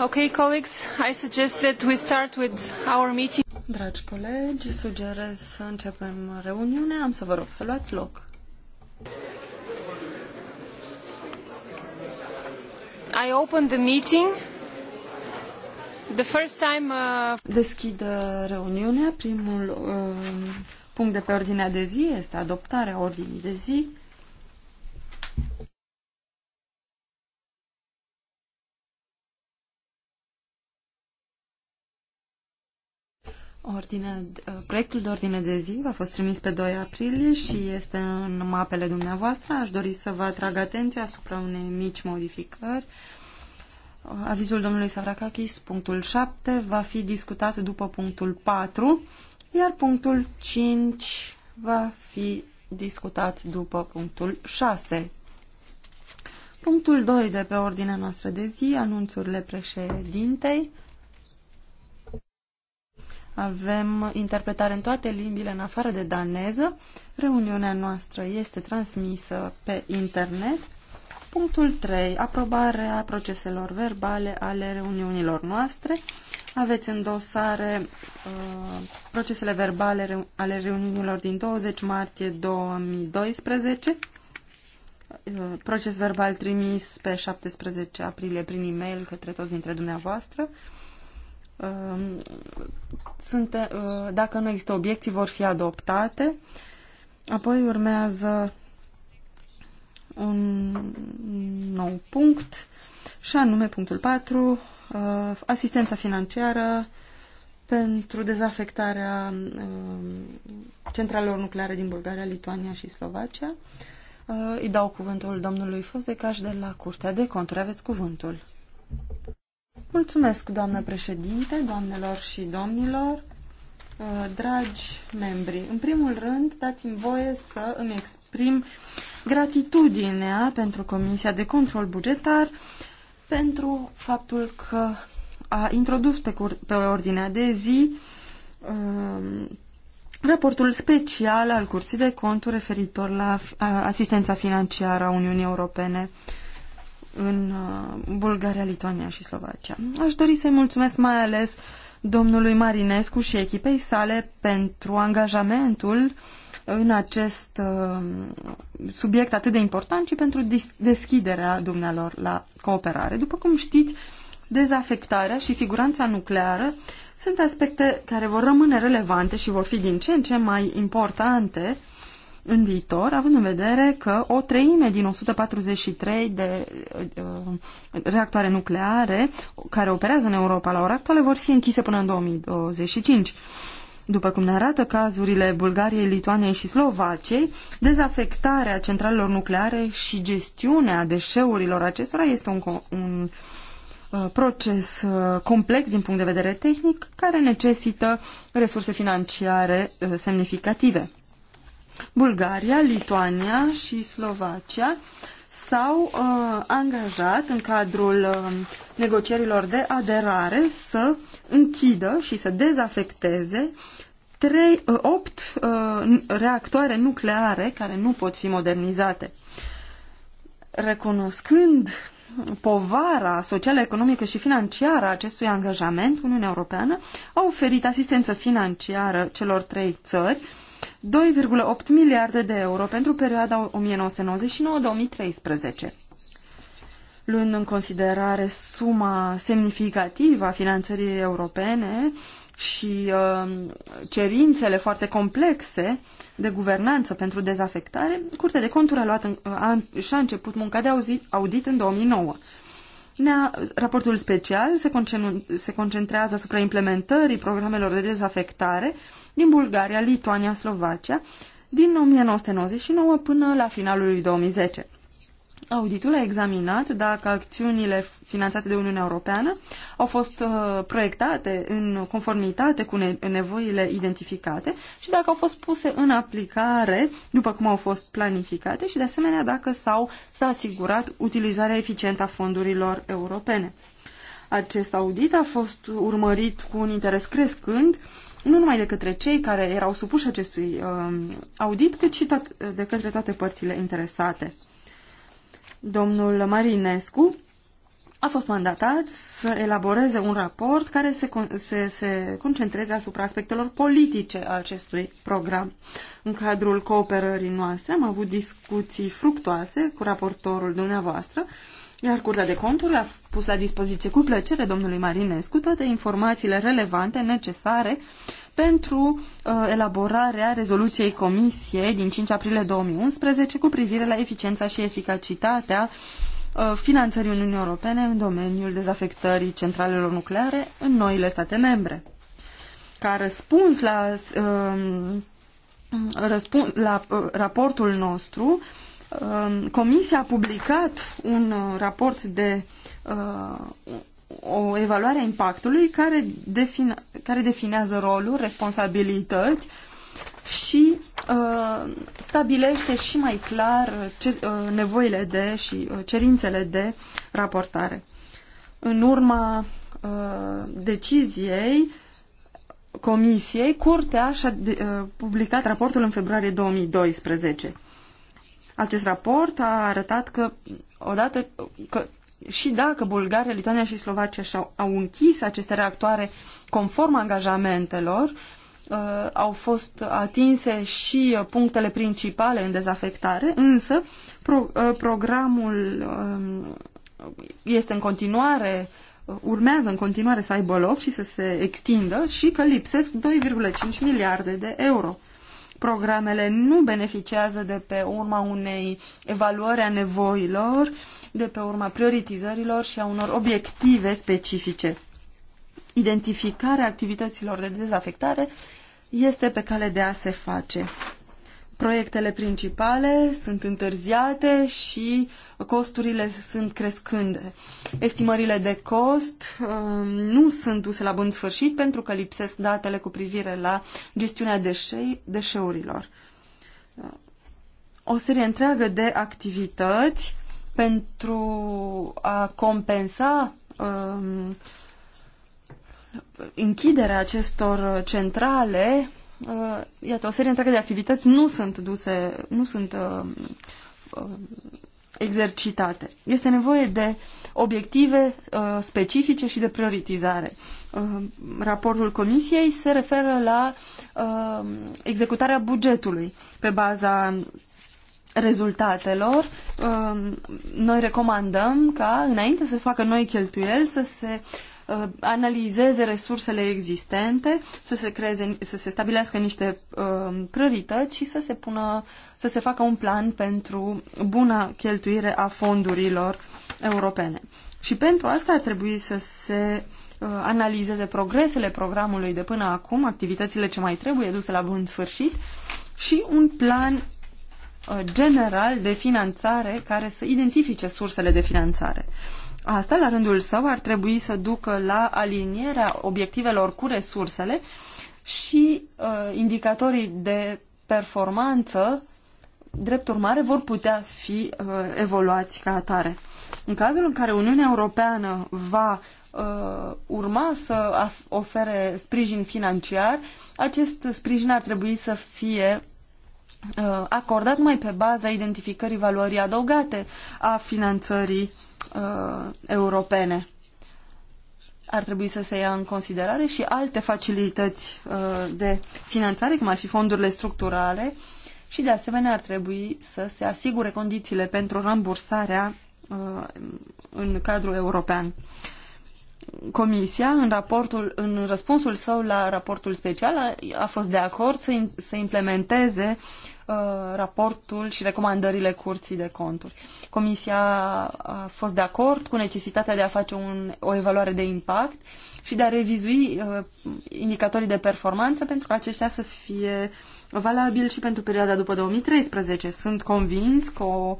Okay, colleagues, I suggest that we start with our meeting. Dragi colegi, sugerez să începem reuniunea. Am să vă rog să luați loc. I open the meeting. The first time uh... deschid uh, reuniunea. Primul uh, punct de pe ordinea de zi este adoptarea ordinii de zi. ordine, uh, proiectul de ordine de zi a fost trimis pe 2 aprilie și este în mapele dumneavoastră. Aș dori să vă atrag atenția asupra unei mici modificări. Uh, avizul domnului Savrakakis, punctul 7, va fi discutat după punctul 4, iar punctul 5 va fi discutat după punctul 6. Punctul 2 de pe ordinea noastră de zi, anunțurile președintei. Avem interpretare în toate limbile, în afară de daneză. Reuniunea noastră este transmisă pe internet. Punctul 3. Aprobarea proceselor verbale ale reuniunilor noastre. Aveți în dosare uh, procesele verbale ale reuniunilor din 20 martie 2012, uh, proces verbal trimis pe 17 aprilie prin e-mail către toți dintre dumneavoastră, uh, Um, sunt, uh, dacă nu există obiecții, vor fi adoptate. Apoi urmează un nou punct și anume punctul 4, uh, asistența financiară pentru dezafectarea um, centralelor nucleare din Bulgaria, Lituania și Slovacia. Uh, îi dau cuvântul domnului Fozecaș de la Curtea de Conturi. Aveți cuvântul. Mulțumesc, doamnă președinte, doamnelor și domnilor, uh, dragi membri. În primul rând, dați-mi voie să îmi exprim gratitudinea pentru Comisia de Control Bugetar pentru faptul că a introdus pe, pe ordinea de zi um, raportul special al Curții de Conturi referitor la uh, asistența financiară a Uniunii Europene. Uh, în uh, Bulgaria, Lituania și Slovacia. Aș dori să-i mulțumesc mai ales domnului Marinescu și echipei sale pentru angajamentul în acest uh, subiect atât de important și pentru deschiderea dumnealor la cooperare. După cum știți, dezafectarea și siguranța nucleară sunt aspecte care vor rămâne relevante și vor fi din ce în ce mai importante în viitor, având în vedere că o treime din 143 de uh, reactoare nucleare care operează în Europa la ora actuală vor fi închise până în 2025. După cum ne arată cazurile Bulgariei, Lituaniei și Slovaciei, dezafectarea centralelor nucleare și gestiunea deșeurilor acestora este un, un uh, proces uh, complex din punct de vedere tehnic care necesită resurse financiare uh, semnificative. Bulgaria, Lituania și Slovacia s-au uh, angajat în cadrul uh, negocierilor de aderare să închidă și să dezafecteze 3, 8 uh, uh, reactoare nucleare care nu pot fi modernizate. Recunoscând povara socială, economică și financiară a acestui angajament, Uniunea Europeană a oferit asistență financiară celor trei țări uh, 2,8 miliarde de euro pentru perioada 1999-2013. Luând în considerare suma semnificativă a finanțării europene și uh, cerințele foarte complexe de guvernanță pentru dezafectare, Curtea de Conturi a luat în, a, și-a început munca de audit în 2009 raportul special se, concen se concentrează asupra implementării programelor de dezafectare din Bulgaria, Lituania, Slovacia din 1999 până la finalul lui 2010. Auditul a examinat dacă acțiunile finanțate de Uniunea Europeană au fost uh, proiectate în conformitate cu nevoile identificate și dacă au fost puse în aplicare după cum au fost planificate și de asemenea dacă s-au a asigurat utilizarea eficientă a fondurilor europene. Acest audit a fost urmărit cu un interes crescând nu numai de către cei care erau supuși acestui uh, audit, cât și de către toate părțile interesate. Domnul Marinescu a fost mandatat să elaboreze un raport care se, se, se concentreze asupra aspectelor politice a acestui program. În cadrul cooperării noastre am avut discuții fructoase cu raportorul dumneavoastră, iar Curtea de Conturi a pus la dispoziție cu plăcere domnului Marinescu toate informațiile relevante necesare pentru uh, elaborarea rezoluției Comisiei din 5 aprilie 2011 cu privire la eficiența și eficacitatea uh, finanțării Uniunii Europene în domeniul dezafectării centralelor nucleare în noile state membre. Ca răspuns la, uh, răspuns, la uh, raportul nostru, Comisia a publicat un raport de o evaluare a impactului care, define, care definează rolul, responsabilități și uh, stabilește și mai clar uh, ce, uh, nevoile de și uh, cerințele de raportare. În urma uh, deciziei Comisiei, Curtea și-a uh, publicat raportul în februarie 2012. Acest raport a arătat că odată că și dacă Bulgaria, Lituania și Slovacia și-au au închis aceste reactoare conform angajamentelor, uh, au fost atinse și uh, punctele principale în dezafectare, însă pro, uh, programul um, este în continuare, urmează în continuare să aibă loc și să se extindă și că lipsesc 2,5 miliarde de euro. Programele nu beneficiază de pe urma unei evaluări a nevoilor de pe urma prioritizărilor și a unor obiective specifice. Identificarea activităților de dezafectare este pe cale de a se face. Proiectele principale sunt întârziate și costurile sunt crescânde. Estimările de cost um, nu sunt duse la bun sfârșit pentru că lipsesc datele cu privire la gestiunea deșe deșeurilor. O serie întreagă de activități pentru a compensa um, închiderea acestor centrale, uh, iată, o serie întreagă de activități nu sunt duse, nu sunt uh, uh, exercitate. Este nevoie de obiective uh, specifice și de prioritizare. Uh, raportul Comisiei se referă la uh, executarea bugetului pe baza rezultatelor, um, noi recomandăm ca, înainte să se facă noi cheltuieli, să se uh, analizeze resursele existente, să se, creeze, să se stabilească niște um, priorități și să se, pună, să se facă un plan pentru buna cheltuire a fondurilor europene. Și pentru asta ar trebui să se uh, analizeze progresele programului de până acum, activitățile ce mai trebuie duse la bun sfârșit și un plan Uh, general de finanțare care să identifice sursele de finanțare. Asta, la rândul său, ar trebui să ducă la alinierea obiectivelor cu resursele și uh, indicatorii de performanță, drept urmare, vor putea fi uh, evoluați ca atare. În cazul în care Uniunea Europeană va uh, urma să ofere sprijin financiar, acest sprijin ar trebui să fie Uh, acordat mai pe baza identificării valorii adăugate a finanțării uh, europene. Ar trebui să se ia în considerare și alte facilități uh, de finanțare, cum ar fi fondurile structurale și de asemenea ar trebui să se asigure condițiile pentru rambursarea uh, în cadrul european. Comisia, în, raportul, în răspunsul său la raportul special, a, a fost de acord să, in, să implementeze uh, Uh, raportul și recomandările curții de conturi. Comisia a fost de acord cu necesitatea de a face un, o evaluare de impact și de a revizui uh, indicatorii de performanță pentru ca aceștia să fie valabili și pentru perioada după 2013. Sunt convins că o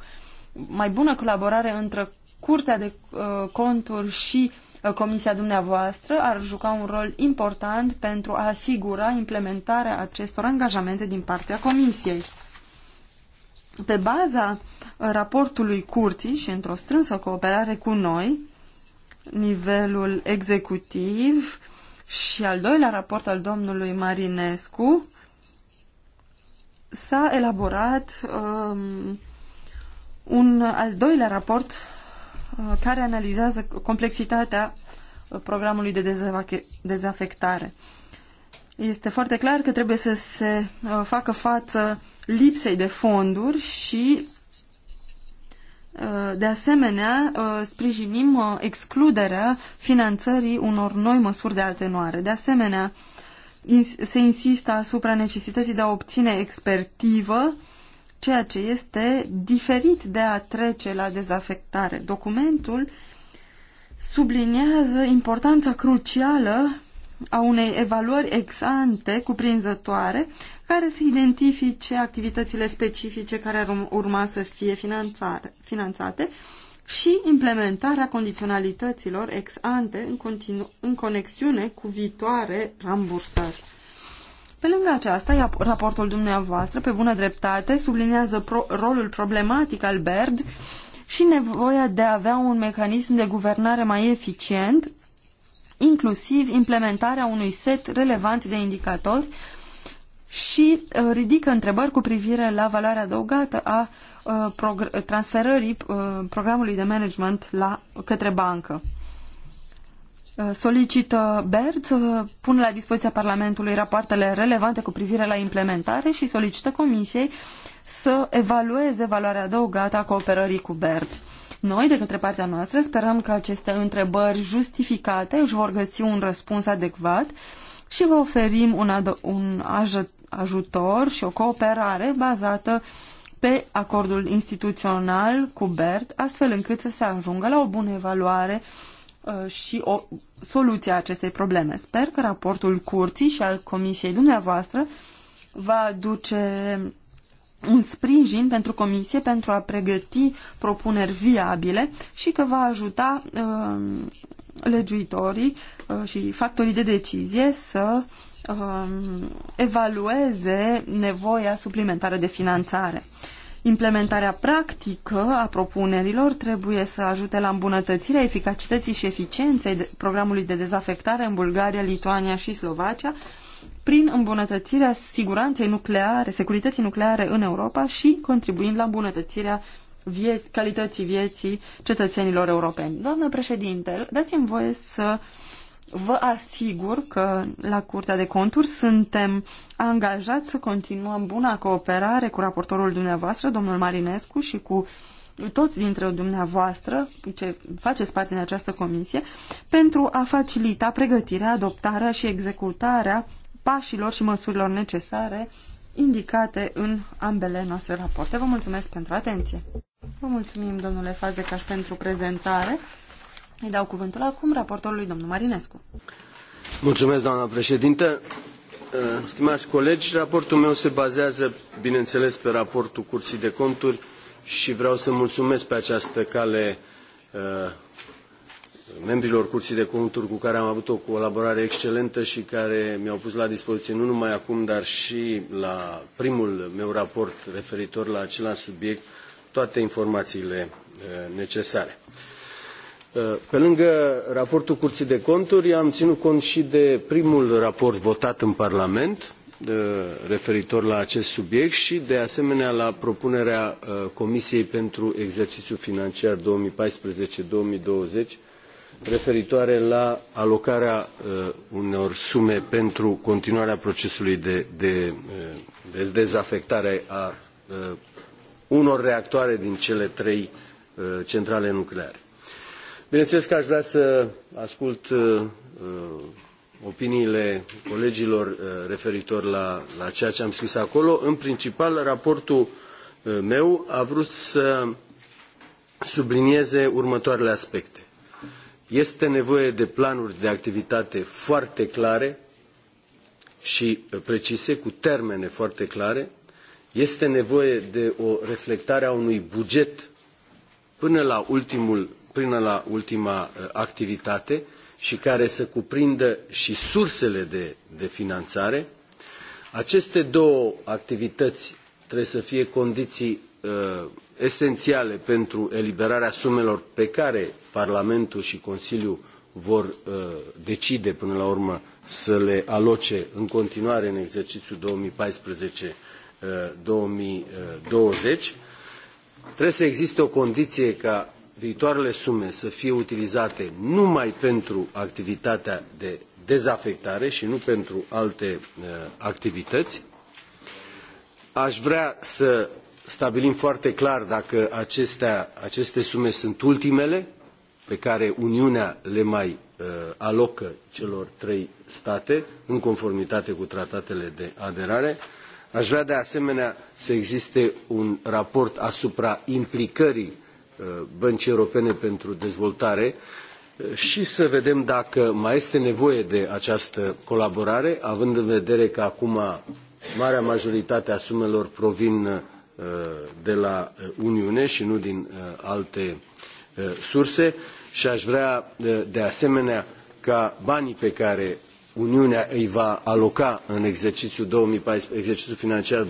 mai bună colaborare între Curtea de uh, Conturi și uh, Comisia dumneavoastră ar juca un rol important pentru a asigura implementarea acestor angajamente din partea Comisiei. Pe baza raportului curții și într-o strânsă cooperare cu noi, nivelul executiv și al doilea raport al domnului Marinescu, s-a elaborat um, un al doilea raport Uh, care analizează complexitatea uh, programului de dezafectare. Este foarte clar că trebuie să se uh, facă față lipsei de fonduri și de asemenea, sprijinim excluderea finanțării unor noi măsuri de atenuare. De asemenea, se insistă asupra necesității de a obține expertivă ceea ce este diferit de a trece la dezafectare. Documentul subliniază importanța crucială a unei evaluări ex-ante cuprinzătoare care să identifice activitățile specifice care ar urma să fie finanțate și implementarea condiționalităților ex-ante în, în conexiune cu viitoare rambursări. Pe lângă aceasta, raportul dumneavoastră, pe bună dreptate, subliniază pro rolul problematic al BERD și nevoia de a avea un mecanism de guvernare mai eficient, inclusiv implementarea unui set relevant de indicatori și uh, ridică întrebări cu privire la valoarea adăugată a uh, transferării uh, programului de management la, către bancă. Uh, solicită BERD să uh, pună la dispoziția Parlamentului rapoartele relevante cu privire la implementare și solicită Comisiei să evalueze valoarea adăugată a cooperării cu BERD. Noi, de către partea noastră, sperăm că aceste întrebări justificate își vor găsi un răspuns adecvat și vă oferim un, un ajutor și o cooperare bazată pe acordul instituțional cu BERD, astfel încât să se ajungă la o bună evaluare uh, Uh, și o soluție a acestei probleme. Sper că raportul curții și al comisiei dumneavoastră va duce un sprijin pentru comisie pentru a pregăti propuneri viabile și că va ajuta uh, legiuitorii uh, și factorii de decizie să uh, evalueze nevoia suplimentară de finanțare. Uh, Implementarea practică a propunerilor trebuie să ajute la îmbunătățirea eficacității și eficienței programului de dezafectare în Bulgaria, Lituania și Slovacia prin îmbunătățirea siguranței nucleare, securității nucleare în Europa și contribuind la îmbunătățirea vie- calității vieții cetățenilor europeni. Doamnă președinte, dați-mi voie să uh, Vă asigur că la Curtea de Conturi suntem angajați să continuăm buna cooperare cu raportorul dumneavoastră, domnul Marinescu, și cu toți dintre dumneavoastră, ce faceți parte din această comisie, pentru a facilita pregătirea, adoptarea și executarea pașilor și măsurilor necesare indicate în ambele noastre rapoarte. Vă mulțumesc pentru atenție! Vă mulțumim, domnule Fazecaș, pentru prezentare. Îi dau cuvântul acum raportorului domnul Marinescu. Mulțumesc, doamna președintă. Uh, stimați colegi, raportul meu se bazează, bineînțeles, pe raportul Curții de Conturi și vreau să mulțumesc pe această cale uh, membrilor Curții de Conturi cu care am avut o colaborare excelentă și care mi-au pus la dispoziție nu numai acum, dar și la primul meu raport referitor la același subiect, toate informațiile uh, necesare. Uh, pe lângă raportul Curții de Conturi, am ținut cont și de primul raport votat în Parlament uh, referitor la acest subiect și, de asemenea, la propunerea uh, Comisiei pentru exercițiul financiar 2014-2020 referitoare la alocarea unor sume pentru continuarea procesului de, de, de dezafectare a unor reactoare din cele trei centrale nucleare. Bineînțeles că aș vrea să ascult uh, uh, opiniile colegilor uh, referitor la, la ceea ce am scris acolo. În principal, raportul uh, meu a vrut să sublinieze următoarele aspecte. Este nevoie de planuri de activitate foarte clare și uh, precise, cu termene foarte clare. Este nevoie de o reflectare a unui buget până la ultimul până la ultima uh, activitate și care să cuprindă și sursele de, de finanțare. Aceste două activități trebuie să fie condiții uh, esențiale pentru eliberarea sumelor pe care Parlamentul și Consiliul vor uh, decide până la urmă să le aloce în continuare în exercițiul 2014 2020. Uh, uh, trebuie să existe o condiție ca viitoarele sume să fie utilizate numai pentru activitatea de dezafectare și nu pentru alte uh, activități. Aș vrea să stabilim foarte clar dacă acestea, aceste sume sunt ultimele pe care Uniunea le mai uh, alocă celor trei state în conformitate cu tratatele de aderare. Aș vrea de asemenea să existe un raport asupra implicării Uh, Băncii Europene pentru Dezvoltare uh, și să vedem dacă mai este nevoie de această colaborare, având în vedere că acum marea majoritate a sumelor provin uh, de la Uniune și nu din alte surse și aș vrea de asemenea ca banii pe care Uniunea îi va aloca în exercițiul, 2014, exercițiul financiar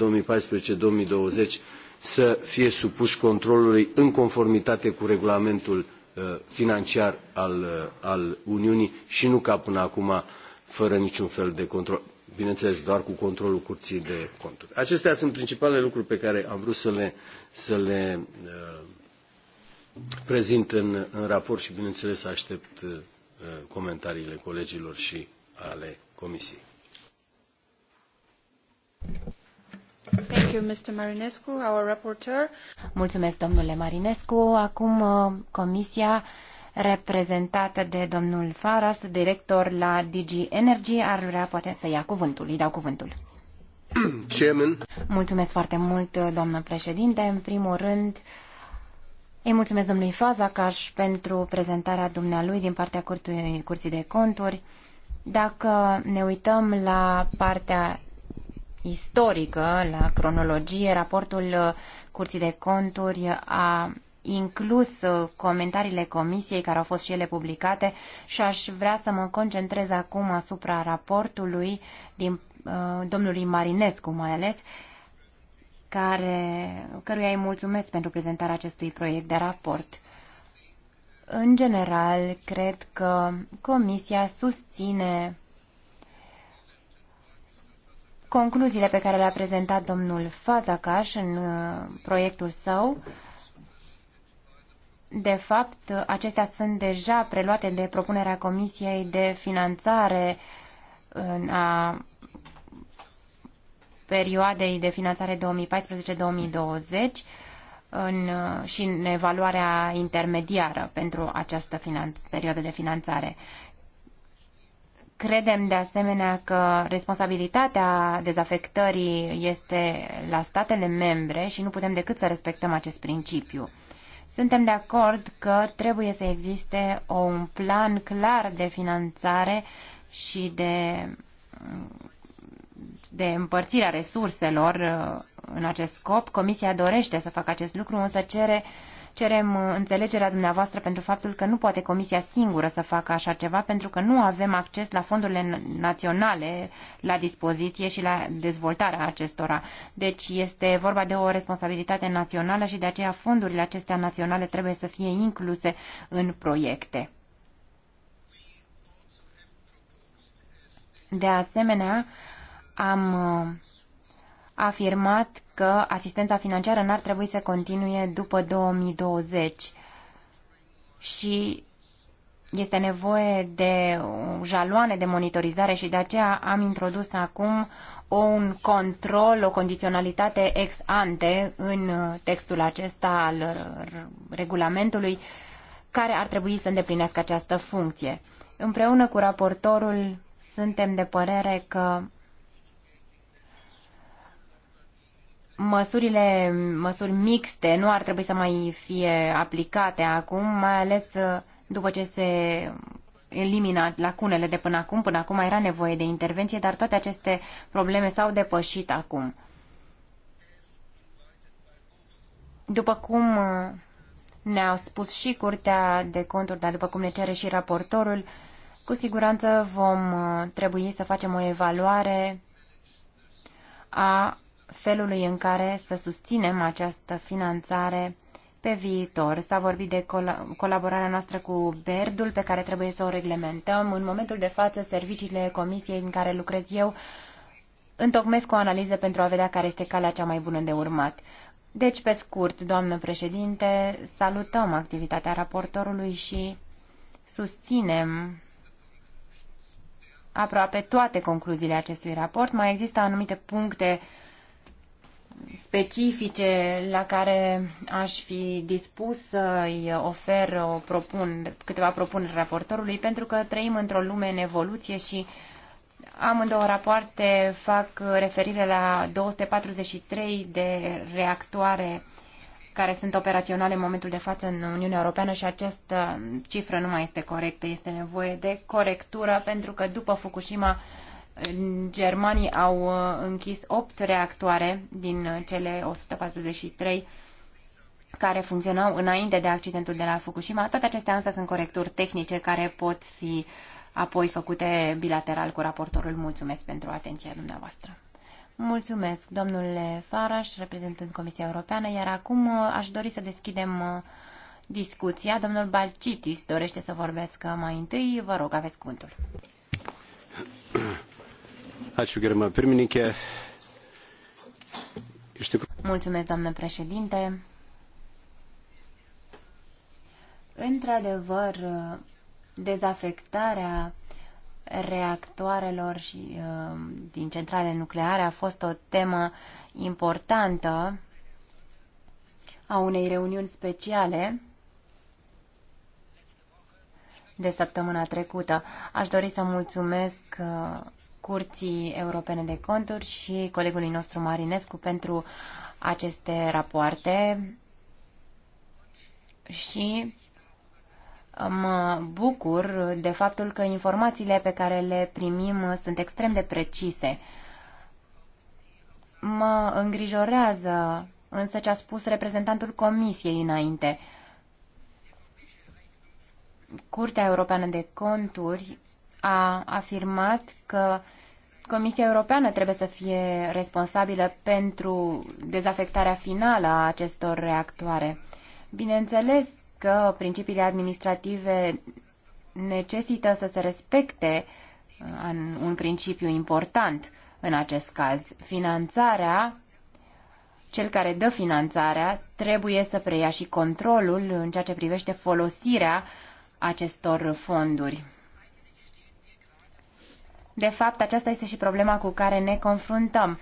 2014-2020 să fie supuși controlului în conformitate cu regulamentul uh, financiar al, uh, al Uniunii și nu ca până acum fără niciun fel de control, bineînțeles doar cu controlul curții de conturi. Acestea sunt principalele lucruri pe care am vrut să le, să le uh, prezint în, în, raport și bineînțeles aștept uh, comentariile colegilor și ale Comisiei. Mulțumesc, domnule Marinescu. Acum uh, comisia reprezentată de domnul Faras, director la DG Energy, ar vrea poate să ia cuvântul. Îi dau cuvântul. Chairman. Mulțumesc foarte mult, uh, doamnă președinte. În primul rând, îi mulțumesc domnului Fazakas pentru prezentarea dumnealui din partea Curții de Conturi. Dacă ne uităm la partea istorică la cronologie. Raportul uh, Curții de Conturi a inclus uh, comentariile comisiei care au fost și ele publicate și aș vrea să mă concentrez acum asupra raportului din uh, domnului Marinescu mai ales care, căruia îi mulțumesc pentru prezentarea acestui proiect de raport. În general, cred că Comisia susține concluziile pe care le-a prezentat domnul Fazakas în uh, proiectul său, de fapt, acestea sunt deja preluate de propunerea Comisiei de Finanțare în a perioadei de finanțare 2014-2020 în, uh, și în evaluarea intermediară pentru această finanț, perioadă de finanțare. Credem de asemenea că responsabilitatea dezafectării este la statele membre și nu putem decât să respectăm acest principiu. Suntem de acord că trebuie să existe un plan clar de finanțare și de, de împărțirea resurselor uh, în acest scop. Comisia dorește să facă acest lucru, însă cere uh, Cerem uh, înțelegerea dumneavoastră pentru faptul că nu poate Comisia singură să facă așa ceva, pentru că nu avem acces la fondurile naționale la dispoziție și la dezvoltarea acestora. Deci este vorba de o responsabilitate națională și de aceea fondurile acestea naționale trebuie să fie incluse în proiecte. De asemenea, am uh, a afirmat că asistența financiară n-ar trebui să continue după 2020 și este nevoie de jaloane de monitorizare și de aceea am introdus acum un control, o condiționalitate ex ante în textul acesta al regulamentului care ar trebui să îndeplinească această funcție. Împreună cu raportorul suntem de părere că măsurile, măsuri mixte nu ar trebui să mai fie aplicate acum, mai ales uh, după ce se elimina lacunele de până acum. Până acum era nevoie de intervenție, dar toate aceste probleme s-au depășit acum. După cum uh, ne-au spus și Curtea de Conturi, dar după cum ne cere și raportorul, cu siguranță vom uh, trebui să facem o evaluare a felului în care să susținem această finanțare pe viitor. S-a vorbit de col- colaborarea noastră cu Berdul, pe care trebuie să o reglementăm. În momentul de față, serviciile comisiei în care lucrez eu întocmesc o analiză pentru a vedea care este calea cea mai bună de urmat. Deci, pe scurt, doamnă președinte, salutăm activitatea raportorului și susținem aproape toate concluziile acestui raport. Mai există anumite puncte uh, specifice la care aș fi dispus să-i ofer o propun, câteva propuneri raportorului, pentru că trăim într-o lume în evoluție și amândouă rapoarte fac referire la 243 de reactoare care sunt operaționale în momentul de față în Uniunea Europeană și această cifră nu mai este corectă. Este nevoie de corectură pentru că după Fukushima Germanii au uh, închis 8 reactoare din uh, cele 143 care funcționau înainte de accidentul de la Fukushima. Toate acestea însă sunt corecturi tehnice care pot fi apoi făcute bilateral cu raportorul. Mulțumesc pentru atenția dumneavoastră. Mulțumesc, domnule Faraș, reprezentând Comisia Europeană, iar acum uh, aș dori să deschidem discuția. Domnul Balcitis dorește să vorbească mai întâi. Vă rog, aveți cuvântul. Ačiū, gerima pirmininkė. Mulțumesc, doamnă președinte. Într-adevăr, dezafectarea reactoarelor și uh, din centrale nucleare a fost o temă importantă a unei reuniuni speciale de săptămâna trecută. Aș dori să mulțumesc uh, Curții Europene de Conturi și colegului nostru Marinescu pentru aceste rapoarte și mă bucur de faptul că informațiile pe care le primim sunt extrem de precise. Mă îngrijorează însă ce a spus reprezentantul Comisiei înainte. Curtea Europeană de Conturi a afirmat că Comisia Europeană trebuie să fie responsabilă pentru dezafectarea finală a acestor reactoare. Bineînțeles că principiile administrative necesită să se respecte uh, un principiu important în acest caz. Finanțarea, cel care dă finanțarea, trebuie să preia și controlul în ceea ce privește folosirea acestor fonduri. De fapt, aceasta este și problema cu care ne confruntăm.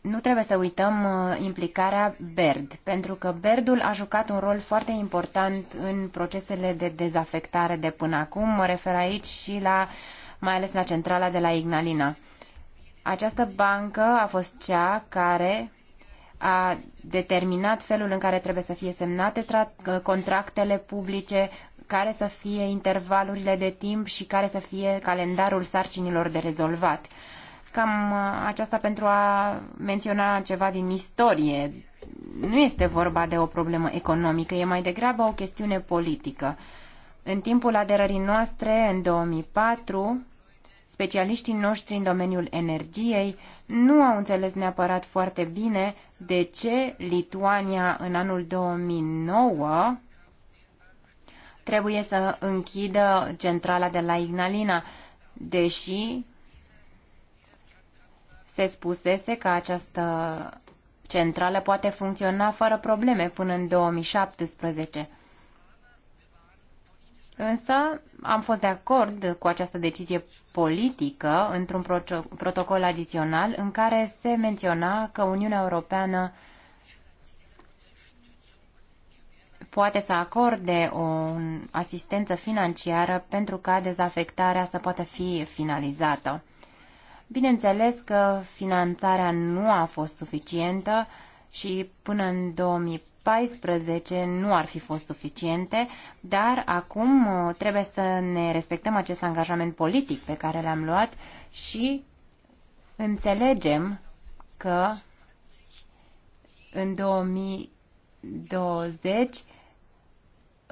Nu trebuie să uităm uh, implicarea BERD, pentru că BERD-ul a jucat un rol foarte important în procesele de dezafectare de până acum. Mă refer aici și la, mai ales la centrala de la Ignalina. Această bancă a fost cea care a determinat felul în care trebuie să fie semnate contractele publice, care să fie intervalurile de timp și care să fie calendarul sarcinilor de rezolvat. Cam uh, aceasta pentru a menționa ceva din istorie. Nu este vorba de o problemă economică, e mai degrabă o chestiune politică. În timpul aderării noastre, în 2004, Specialiștii noștri în domeniul energiei nu au înțeles neapărat foarte bine de ce Lituania în anul 2009 trebuie să închidă centrala de la Ignalina, deși se spusese că această centrală poate funcționa fără probleme până în 2017. Însă am fost de acord cu această decizie politică într-un protocol adițional în care se menționa că Uniunea Europeană poate să acorde o asistență financiară pentru ca dezafectarea să poată fi finalizată. Bineînțeles că finanțarea nu a fost suficientă și până în 2014 nu ar fi fost suficiente, dar acum uh, trebuie să ne respectăm acest angajament politic pe care l-am luat și înțelegem că în 2020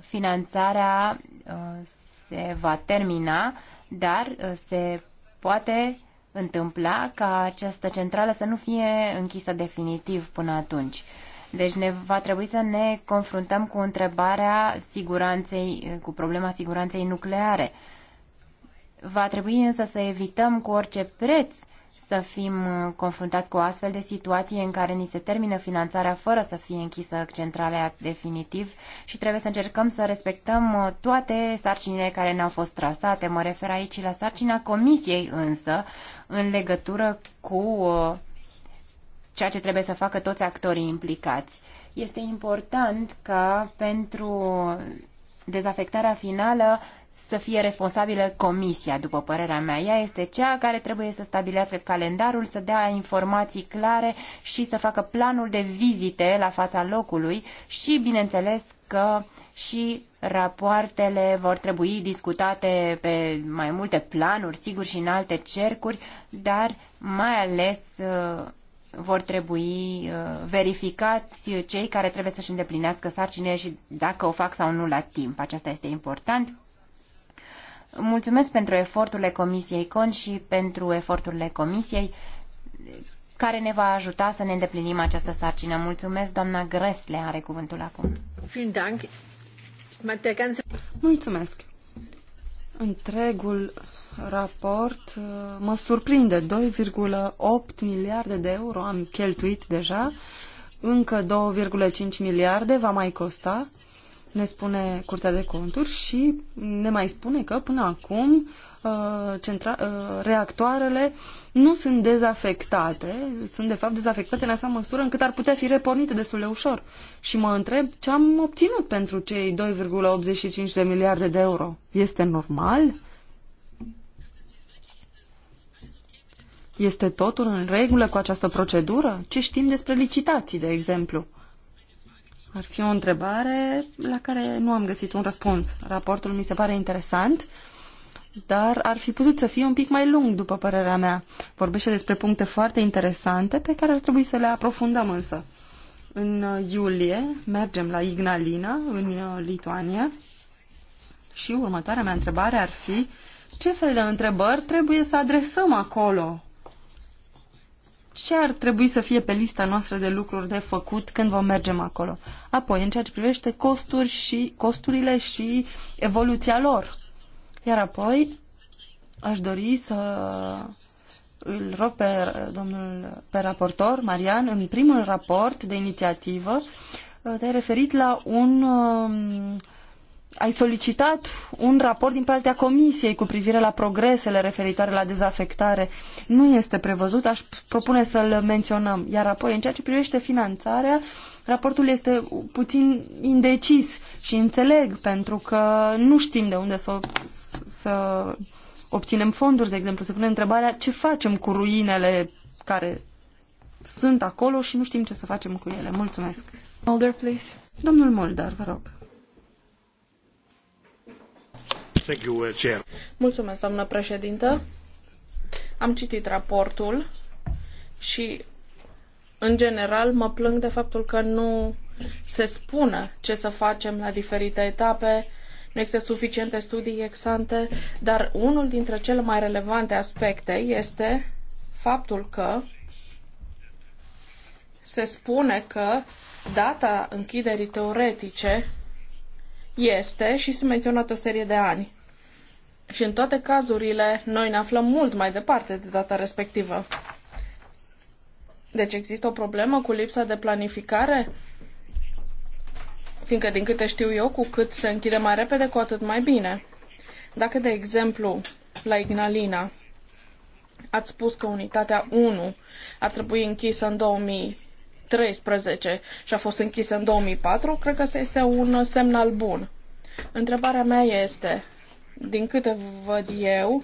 finanțarea uh, se va termina, dar uh, se poate întâmpla ca această centrală să nu fie închisă definitiv până atunci. Deci ne va trebui să ne confruntăm cu întrebarea siguranței, uh, cu problema siguranței nucleare. Va trebui însă să evităm cu orice preț să fim uh, confruntați cu o astfel de situație în care ni se termină finanțarea fără să fie închisă centralea definitiv și trebuie să încercăm să respectăm uh, toate sarcinile care ne-au fost trasate. Mă refer aici la sarcina comisiei însă în legătură cu uh, ceea ce trebuie să facă toți actorii implicați. Este important ca pentru dezafectarea finală să fie responsabilă comisia, după părerea mea. Ea este cea care trebuie să stabilească calendarul, să dea informații clare și să facă planul de vizite la fața locului și, bineînțeles, că și rapoartele vor trebui discutate pe mai multe planuri, sigur, și în alte cercuri, dar mai ales uh, vor trebui uh, verificați cei care trebuie să-și îndeplinească sarcinile și dacă o fac sau nu la timp. Aceasta este important. Mulțumesc pentru eforturile Comisiei CON și pentru eforturile Comisiei care ne va ajuta să ne îndeplinim această sarcină. Mulțumesc, doamna Gresle are cuvântul acum. Mulțumesc. Întregul raport uh, mă surprinde. 2,8 miliarde de euro am cheltuit deja, încă 2,5 miliarde va mai costa ne spune Curtea de Conturi și ne mai spune că până acum uh, centra, uh, reactoarele nu sunt dezafectate, sunt de fapt dezafectate în așa măsură încât ar putea fi repornite destul de ușor. Și mă întreb ce am obținut pentru cei 2,85 de miliarde de euro. Este normal? Este totul în regulă cu această procedură? Ce știm despre licitații, de exemplu? Ar fi o întrebare la care nu am găsit un răspuns. Raportul mi se pare interesant, dar ar fi putut să fie un pic mai lung, după părerea mea. Vorbește despre puncte foarte interesante pe care ar trebui să le aprofundăm însă. În uh, iulie mergem la Ignalina, în uh, Lituania, și următoarea mea întrebare ar fi ce fel de întrebări trebuie să adresăm acolo ce ar trebui să fie pe lista noastră de lucruri de făcut când vom mergem acolo. Apoi, în ceea ce privește costuri și, costurile și evoluția lor. Iar apoi, aș dori să îl rog pe domnul pe raportor, Marian, în primul raport de inițiativă, te-ai referit la un um, ai solicitat un raport din partea Comisiei cu privire la progresele referitoare la dezafectare. Nu este prevăzut, aș propune să-l menționăm. Iar apoi, în ceea ce privește finanțarea, raportul este puțin indecis și înțeleg, pentru că nu știm de unde să, să obținem fonduri, de exemplu, să punem întrebarea ce facem cu ruinele care sunt acolo și nu știm ce să facem cu ele. Mulțumesc. Mulder, please. Domnul Mulder, vă rog. Uh, Mulțumesc, doamnă președintă. Am citit raportul și, în general, mă plâng de faptul că nu se spune ce să facem la diferite etape, nu există suficiente studii exante, dar unul dintre cele mai relevante aspecte este faptul că se spune că data închiderii teoretice este și sunt menționat o serie de ani. Și în toate cazurile, noi ne aflăm mult mai departe de data respectivă. Deci există o problemă cu lipsa de planificare? Fiindcă, din câte știu eu, cu cât se închide mai repede, cu atât mai bine. Dacă, de exemplu, la Ignalina ați spus că unitatea 1 ar trebui închisă în 2000 2013 și a fost închisă în 2004, cred că asta este un semnal bun. Întrebarea mea este, din câte văd eu,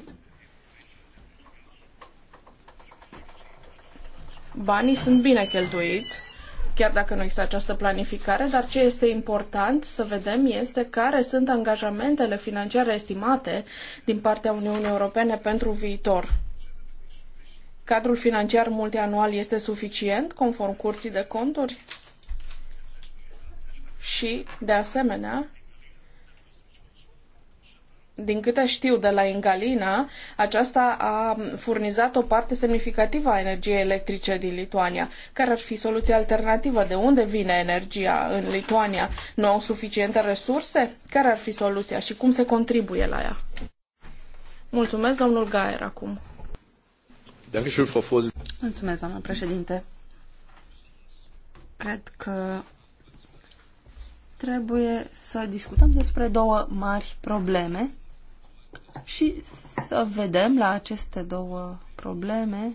banii sunt bine cheltuiți, chiar dacă nu există această planificare, dar ce este important să vedem este care sunt angajamentele financiare estimate din partea Uniunii Europene pentru viitor. Cadrul financiar multianual este suficient conform curții de conturi? Și, de asemenea, din câte știu de la Ingalina, aceasta a furnizat o parte semnificativă a energiei electrice din Lituania. Care ar fi soluția alternativă? De unde vine energia în Lituania? Nu au suficiente resurse? Care ar fi soluția și cum se contribuie la ea? Mulțumesc, domnul Gaer, acum. Mulțumesc, doamnă președinte. Cred că trebuie să discutăm despre două mari probleme și să vedem la aceste două probleme,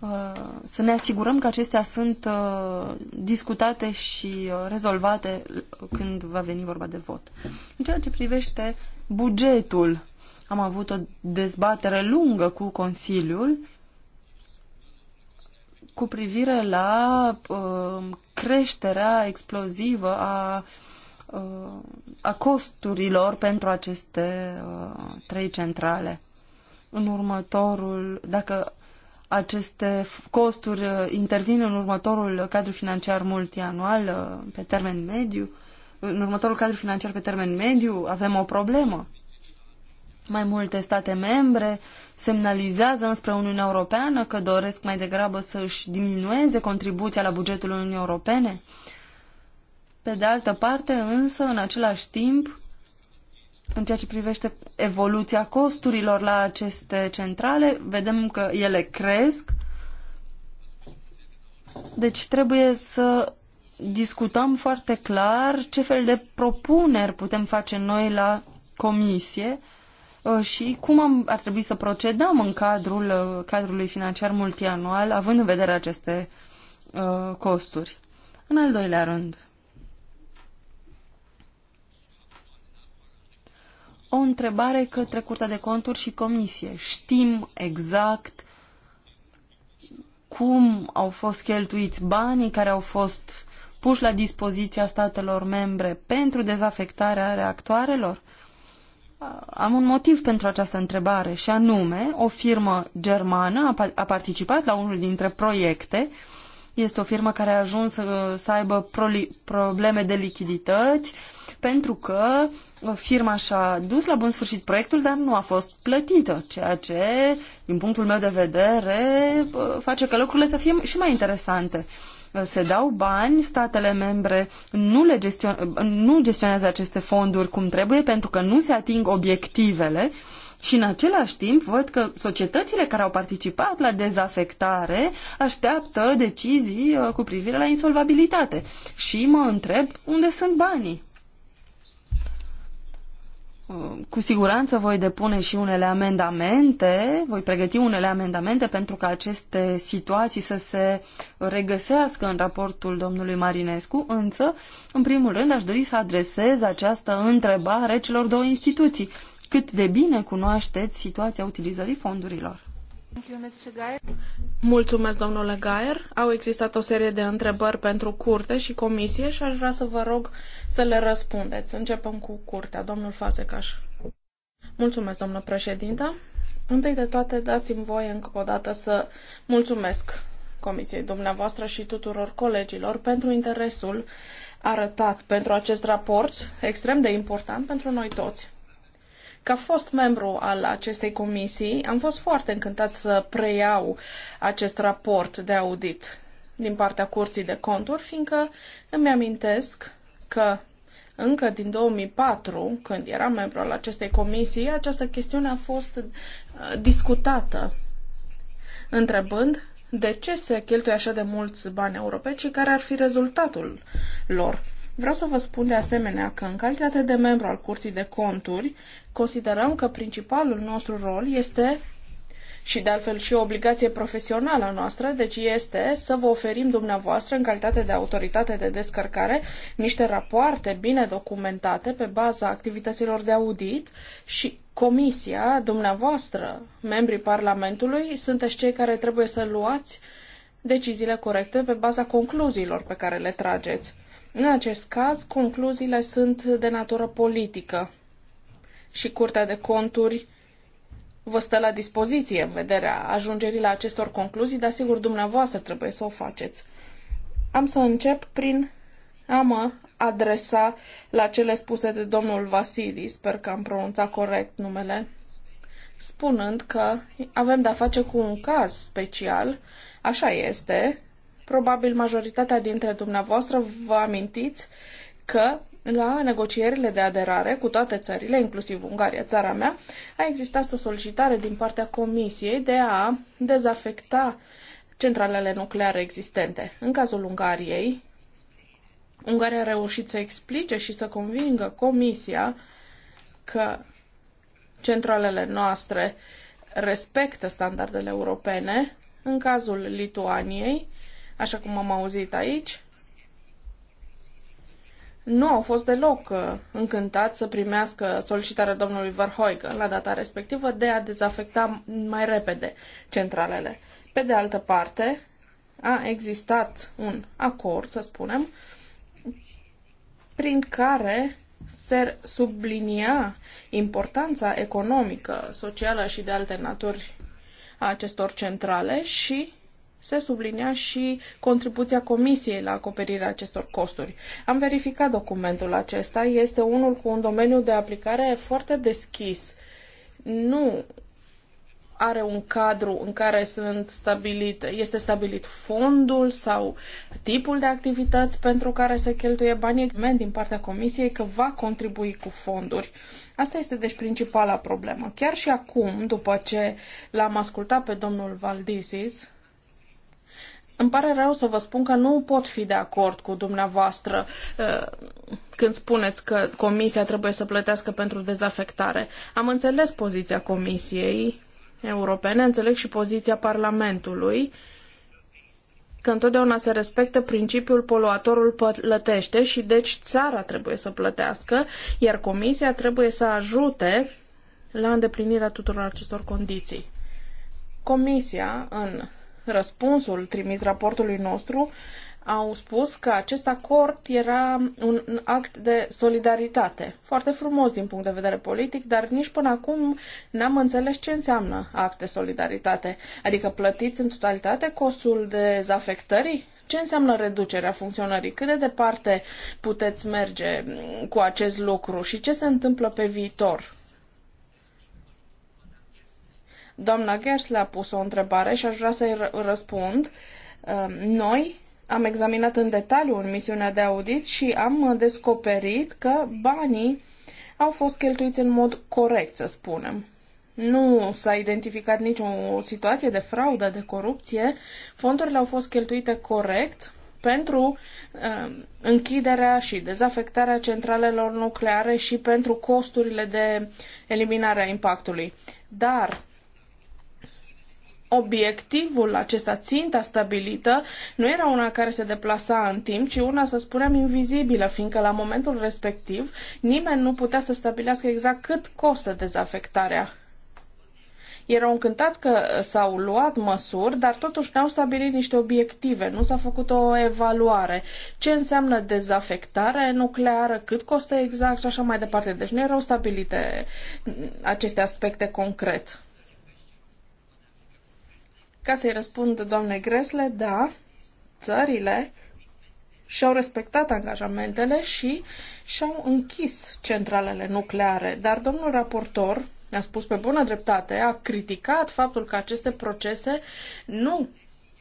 uh, să ne asigurăm că acestea sunt uh, discutate și uh, rezolvate când va veni vorba de vot. În ceea ce privește bugetul, am avut o dezbatere lungă cu Consiliul cu privire la uh, creșterea explozivă a, uh, a costurilor pentru aceste uh, trei centrale. În următorul, dacă aceste costuri uh, intervin în următorul cadru financiar multianual uh, pe termen mediu, în următorul cadru financiar pe termen mediu avem o problemă. Mai multe state membre semnalizează înspre Uniunea Europeană că doresc mai degrabă să își diminueze contribuția la bugetul Uniunii Europene. Pe de altă parte, însă, în același timp, în ceea ce privește evoluția costurilor la aceste centrale, vedem că ele cresc. Deci trebuie să discutăm foarte clar ce fel de propuneri putem face noi la comisie Uh, și cum am, ar trebui să procedăm în cadrul uh, cadrului financiar multianual, având în vedere aceste uh, costuri. În al doilea rând, o întrebare către Curtea de Conturi și Comisie. Știm exact cum au fost cheltuiți banii care au fost puși la dispoziția statelor membre pentru dezafectarea reactoarelor? Am un motiv pentru această întrebare și anume, o firmă germană a participat la unul dintre proiecte. Este o firmă care a ajuns uh, să aibă probleme de lichidități pentru că uh, firma și-a dus la bun sfârșit proiectul, dar nu a fost plătită, ceea ce, din punctul meu de vedere, uh, face ca lucrurile să fie și mai interesante se dau bani, statele membre nu, le gestion, nu gestionează aceste fonduri cum trebuie pentru că nu se ating obiectivele și în același timp văd că societățile care au participat la dezafectare așteaptă decizii uh, cu privire la insolvabilitate. Și mă întreb unde sunt banii cu siguranță voi depune și unele amendamente, voi pregăti unele amendamente pentru ca aceste situații să se regăsească în raportul domnului Marinescu, însă, în primul rând, aș dori să adresez această întrebare celor două instituții. Cât de bine cunoașteți situația utilizării fondurilor? Mulțumesc, domnule Gaier. Au existat o serie de întrebări pentru curte și comisie și aș vrea să vă rog să le răspundeți. Începem cu curtea, domnul Fazecaș. Mulțumesc, domnul președinte. Întâi de toate, dați-mi voie încă o dată să mulțumesc Comisiei dumneavoastră și tuturor colegilor pentru interesul arătat pentru acest raport extrem de important pentru noi toți. Ca fost membru al acestei comisii, am fost foarte încântat să preiau acest raport de audit din partea Curții de Conturi, fiindcă îmi amintesc că încă din 2004, când eram membru al acestei comisii, această chestiune a fost uh, discutată, întrebând de ce se cheltuie așa de mulți bani europeni și care ar fi rezultatul lor. Vreau să vă spun de asemenea că, în calitate de membru al Curții de Conturi, considerăm că principalul nostru rol este și de altfel și o obligație profesională noastră, deci este să vă oferim dumneavoastră, în calitate de autoritate de descărcare, niște rapoarte bine documentate pe baza activităților de audit și comisia, dumneavoastră, membrii Parlamentului, sunteți cei care trebuie să luați deciziile corecte pe baza concluziilor pe care le trageți. În acest caz, concluziile sunt de natură politică și Curtea de Conturi vă stă la dispoziție în vederea ajungerii la acestor concluzii, dar sigur dumneavoastră trebuie să o faceți. Am să încep prin a mă adresa la cele spuse de domnul Vasili, sper că am pronunțat corect numele, spunând că avem de-a face cu un caz special, așa este, Probabil majoritatea dintre dumneavoastră vă amintiți că la negocierile de aderare cu toate țările, inclusiv Ungaria, țara mea, a existat o solicitare din partea Comisiei de a dezafecta centralele nucleare existente. În cazul Ungariei, Ungaria a reușit să explice și să convingă Comisia că centralele noastre respectă standardele europene. În cazul Lituaniei, așa cum am auzit aici, nu au fost deloc uh, încântați să primească solicitarea domnului Verhoeven la data respectivă de a dezafecta mai repede centralele. Pe de altă parte, a existat un acord, să spunem, prin care se sublinia importanța economică, socială și de alte naturi a acestor centrale și se sublinia și contribuția Comisiei la acoperirea acestor costuri. Am verificat documentul acesta, este unul cu un domeniu de aplicare foarte deschis. Nu are un cadru în care sunt stabilit, este stabilit fondul sau tipul de activități pentru care se cheltuie banii din partea Comisiei că va contribui cu fonduri. Asta este deci principala problemă. Chiar și acum, după ce l-am ascultat pe domnul Valdisis, îmi pare rău să vă spun că nu pot fi de acord cu dumneavoastră uh, când spuneți că comisia trebuie să plătească pentru dezafectare. Am înțeles poziția Comisiei Europene, înțeleg și poziția Parlamentului, că întotdeauna se respectă principiul poluatorul plătește și deci țara trebuie să plătească, iar comisia trebuie să ajute la îndeplinirea tuturor acestor condiții. Comisia, în răspunsul trimis raportului nostru, au spus că acest acord era un act de solidaritate. Foarte frumos din punct de vedere politic, dar nici până acum n-am înțeles ce înseamnă act de solidaritate. Adică plătiți în totalitate costul dezafectării? Ce înseamnă reducerea funcționării? Cât de departe puteți merge cu acest lucru și ce se întâmplă pe viitor? Doamna Gers le-a pus o întrebare și aș vrea să-i răspund. Ehm, noi am examinat în detaliu în misiunea de audit și am uh, descoperit că banii au fost cheltuiți în mod corect, să spunem. Nu s-a identificat nicio situație de fraudă, de corupție. Fondurile au fost cheltuite corect pentru uh, închiderea și dezafectarea centralelor nucleare și pentru costurile de eliminare a impactului. Dar obiectivul acesta, ținta stabilită, nu era una care se deplasa în timp, ci una, să spunem, invizibilă, fiindcă la momentul respectiv nimeni nu putea să stabilească exact cât costă dezafectarea. Erau încântați că s-au luat măsuri, dar totuși n-au stabilit niște obiective, nu s-a făcut o evaluare. Ce înseamnă dezafectare nucleară, cât costă exact și așa mai departe. Deci nu erau stabilite aceste aspecte concret. Ca să-i răspund doamne Gresle, da, țările și-au respectat angajamentele și și-au închis centralele nucleare. Dar domnul raportor a spus pe bună dreptate, a criticat faptul că aceste procese nu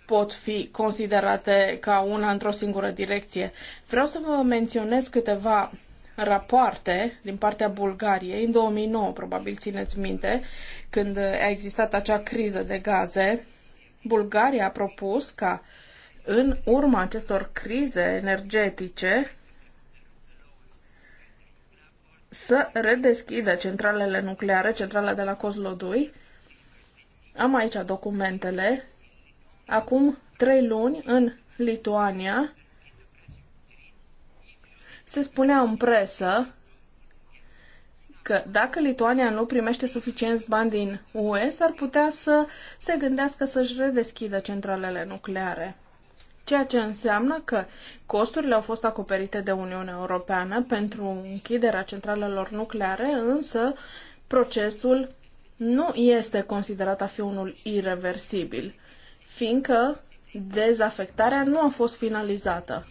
pot fi considerate ca una într-o singură direcție. Vreau să vă menționez câteva rapoarte din partea Bulgariei, în 2009 probabil țineți minte, când a existat acea criză de gaze, Bulgaria a propus ca în urma acestor crize energetice să redeschidă centralele nucleare, centrala de la Kozlodui. Am aici documentele. Acum trei luni în Lituania se spunea în presă că dacă Lituania nu primește suficienți bani din UE, s-ar putea să se gândească să-și redeschidă centralele nucleare. Ceea ce înseamnă că costurile au fost acoperite de Uniunea Europeană pentru închiderea centralelor nucleare, însă procesul nu este considerat a fi unul irreversibil, fiindcă dezafectarea nu a fost finalizată.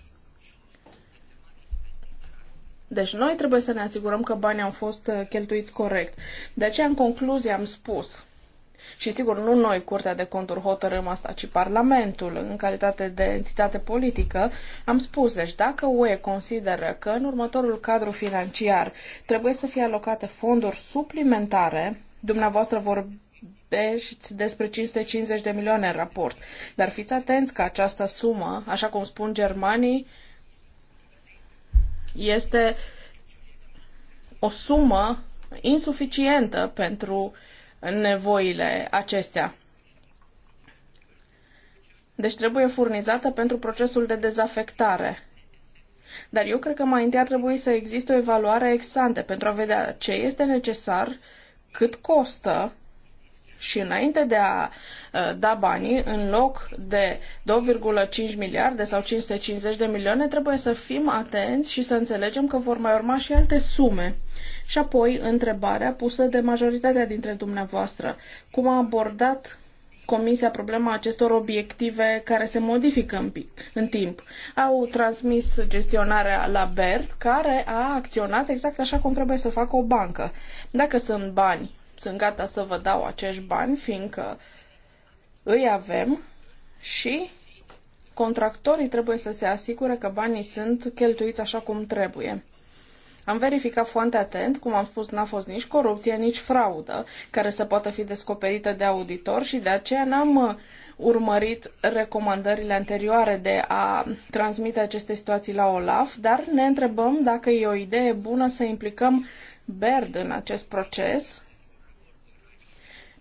Deci noi trebuie să ne asigurăm că banii au fost uh, cheltuiți corect. De aceea, în concluzie, am spus și sigur, nu noi, Curtea de Conturi, hotărâm asta, ci Parlamentul, în calitate de entitate politică, am spus, deci dacă UE consideră că în următorul cadru financiar trebuie să fie alocate fonduri suplimentare, dumneavoastră vor vorbești despre 550 de milioane în raport. Dar fiți atenți că această sumă, așa cum spun germanii, este o sumă insuficientă pentru nevoile acestea. Deci trebuie furnizată pentru procesul de dezafectare. Dar eu cred că mai întâi ar trebui să existe o evaluare ex ante pentru a vedea ce este necesar, cât costă și înainte de a ă, da banii, în loc de 2,5 miliarde sau 550 de milioane, trebuie să fim atenți și să înțelegem că vor mai urma și alte sume. Și apoi, întrebarea pusă de majoritatea dintre dumneavoastră. Cum a abordat Comisia problema acestor obiective care se modifică în, în timp. Au transmis gestionarea la BERT, care a acționat exact așa cum trebuie să facă o bancă. Dacă sunt bani sunt gata să vă dau acești bani, fiindcă îi avem și contractorii trebuie să se asigure că banii sunt cheltuiți așa cum trebuie. Am verificat foarte atent, cum am spus, n-a fost nici corupție, nici fraudă care să poată fi descoperită de auditor și de aceea n-am uh, urmărit recomandările anterioare de a transmite aceste situații la OLAF, dar ne întrebăm dacă e o idee bună să implicăm BERD în acest proces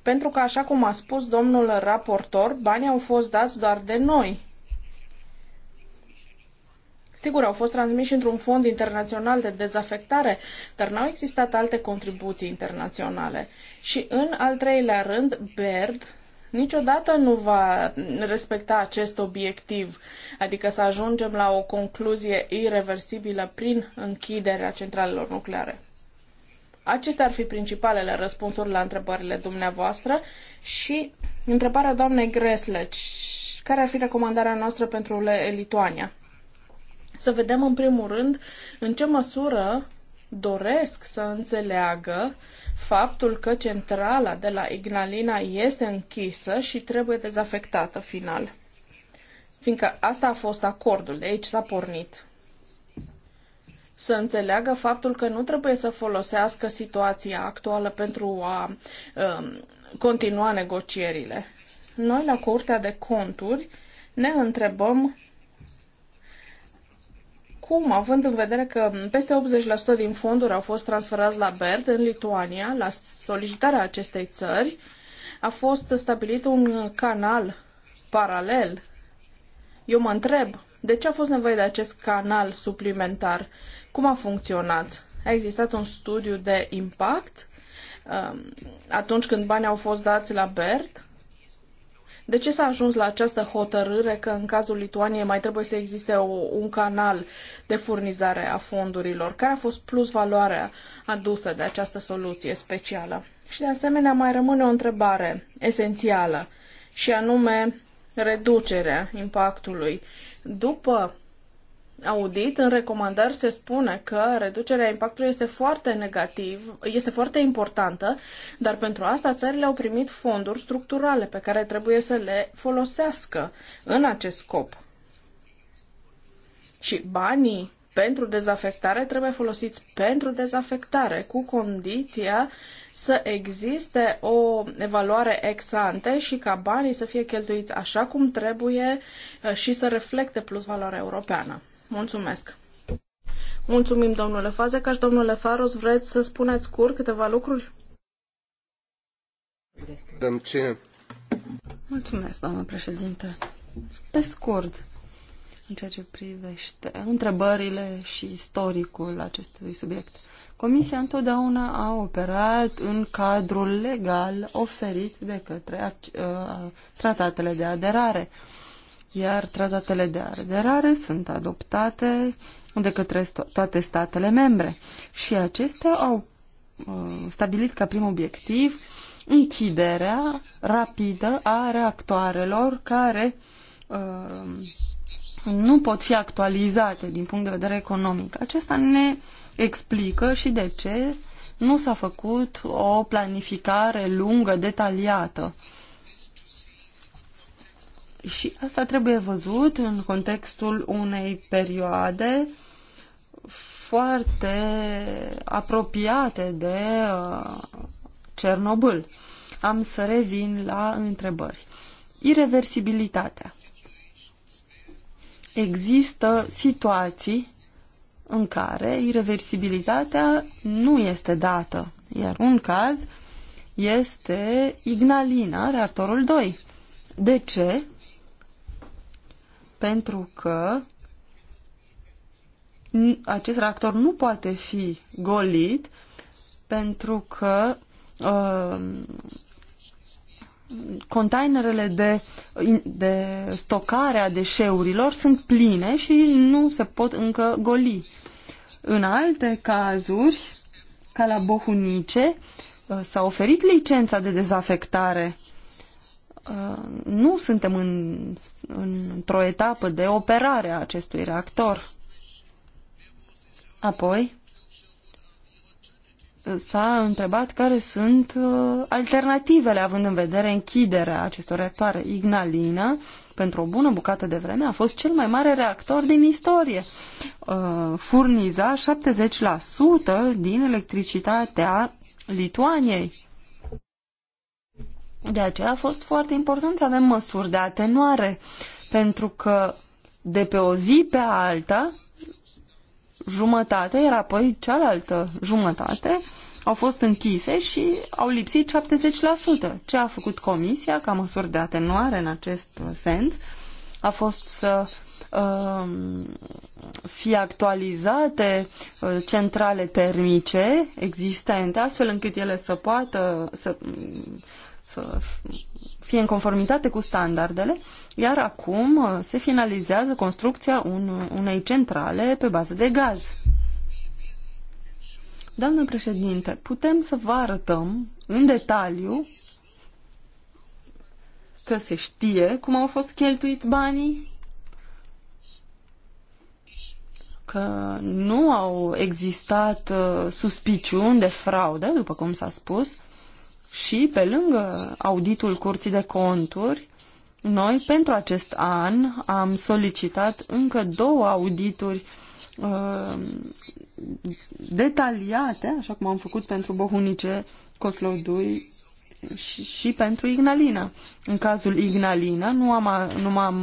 pentru că, așa cum a spus domnul raportor, banii au fost dați doar de noi. Sigur, au fost transmiși într-un fond internațional de dezafectare, dar n-au existat alte contribuții internaționale. Și în al treilea rând, BERD niciodată nu va respecta acest obiectiv, adică să ajungem la o concluzie irreversibilă prin închiderea centralelor nucleare. Acestea ar fi principalele răspunsuri la întrebările dumneavoastră și întrebarea doamnei Gresle, care ar fi recomandarea noastră pentru Lituania? Să vedem în primul rând în ce măsură doresc să înțeleagă faptul că centrala de la Ignalina este închisă și trebuie dezafectată final. Fiindcă asta a fost acordul, de aici s-a pornit să înțeleagă faptul că nu trebuie să folosească situația actuală pentru a um, continua negocierile. Noi, la Curtea de Conturi, ne întrebăm cum, având în vedere că peste 80% din fonduri au fost transferați la BERD în Lituania, la solicitarea acestei țări, a fost stabilit un canal paralel. Eu mă întreb de ce a fost nevoie de acest canal suplimentar? Cum a funcționat? A existat un studiu de impact um, atunci când banii au fost dați la BERT? De ce s-a ajuns la această hotărâre că în cazul Lituaniei mai trebuie să existe o, un canal de furnizare a fondurilor? Care a fost plus valoarea adusă de această soluție specială? Și de asemenea mai rămâne o întrebare esențială și anume reducerea impactului după audit, în recomandări se spune că reducerea impactului este foarte negativ, este foarte importantă, dar pentru asta țările au primit fonduri structurale pe care trebuie să le folosească în acest scop. Și banii pentru dezafectare trebuie folosiți pentru dezafectare, cu condiția să existe o evaluare ex ante și ca banii să fie cheltuiți așa cum trebuie uh, și să reflecte plus valoarea europeană. Mulțumesc! Mulțumim, domnule și Domnule Faros, vreți să spuneți scurt câteva lucruri? Mulțumesc, doamnă președinte. Pe scurt, în ceea ce privește întrebările și istoricul acestui subiect. Comisia întotdeauna a operat în cadrul legal oferit de către uh, tratatele de aderare. Iar tratatele de aderare sunt adoptate de către toate statele membre. Și acestea au uh, stabilit ca prim obiectiv închiderea rapidă a reactoarelor care uh, nu pot fi actualizate din punct de vedere economic. Acesta ne explică și de ce nu s-a făcut o planificare lungă, detaliată. Și asta trebuie văzut în contextul unei perioade foarte apropiate de uh, Cernobâl. Am să revin la întrebări. Ireversibilitatea există situații în care irreversibilitatea nu este dată, iar un caz este Ignalina, reactorul 2. De ce? Pentru că acest reactor nu poate fi golit pentru că uh, containerele de, de stocare a deșeurilor sunt pline și nu se pot încă goli. În alte cazuri, ca la Bohunice, uh, s-a oferit licența de dezafectare. Uh, nu suntem în, într-o etapă de operare a acestui reactor. Apoi, s-a întrebat care sunt uh, alternativele, având în vedere închiderea acestor reactoare. Ignalina, pentru o bună bucată de vreme, a fost cel mai mare reactor din istorie. Uh, furniza 70% din electricitatea Lituaniei. De aceea a fost foarte important să avem măsuri de atenuare, pentru că de pe o zi pe alta jumătate, iar apoi cealaltă jumătate au fost închise și au lipsit 70%. Ce a făcut comisia ca măsuri de atenuare în acest uh, sens a fost să um, fie actualizate uh, centrale termice existente, astfel încât ele să poată să să fie în conformitate cu standardele, iar acum uh, se finalizează construcția unei centrale pe bază de gaz. Doamnă președinte, putem să vă arătăm în detaliu că se știe cum au fost cheltuiți banii, că nu au existat uh, suspiciuni de fraudă, după cum s-a spus, și pe lângă auditul Curții de Conturi, noi pentru acest an am solicitat încă două audituri uh, detaliate, așa cum am făcut pentru Bohunice, Coslodui și, și pentru Ignalina. În cazul Ignalina nu am, nu m-am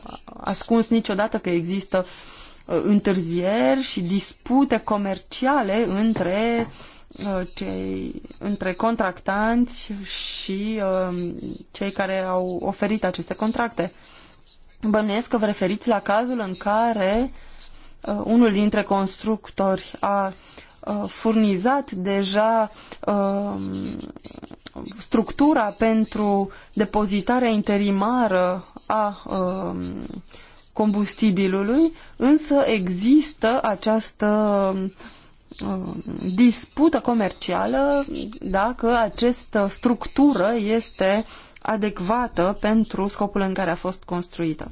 uh, ascuns niciodată că există uh, Uh, întârzieri și dispute comerciale între uh, cei, între contractanți și uh, cei care au oferit aceste contracte. Bănuiesc că vă referiți la cazul în care unul dintre constructori a furnizat deja structura pentru depozitarea interimară a combustibilului, însă există această uh, dispută comercială dacă această structură este adecvată pentru scopul în care a fost construită.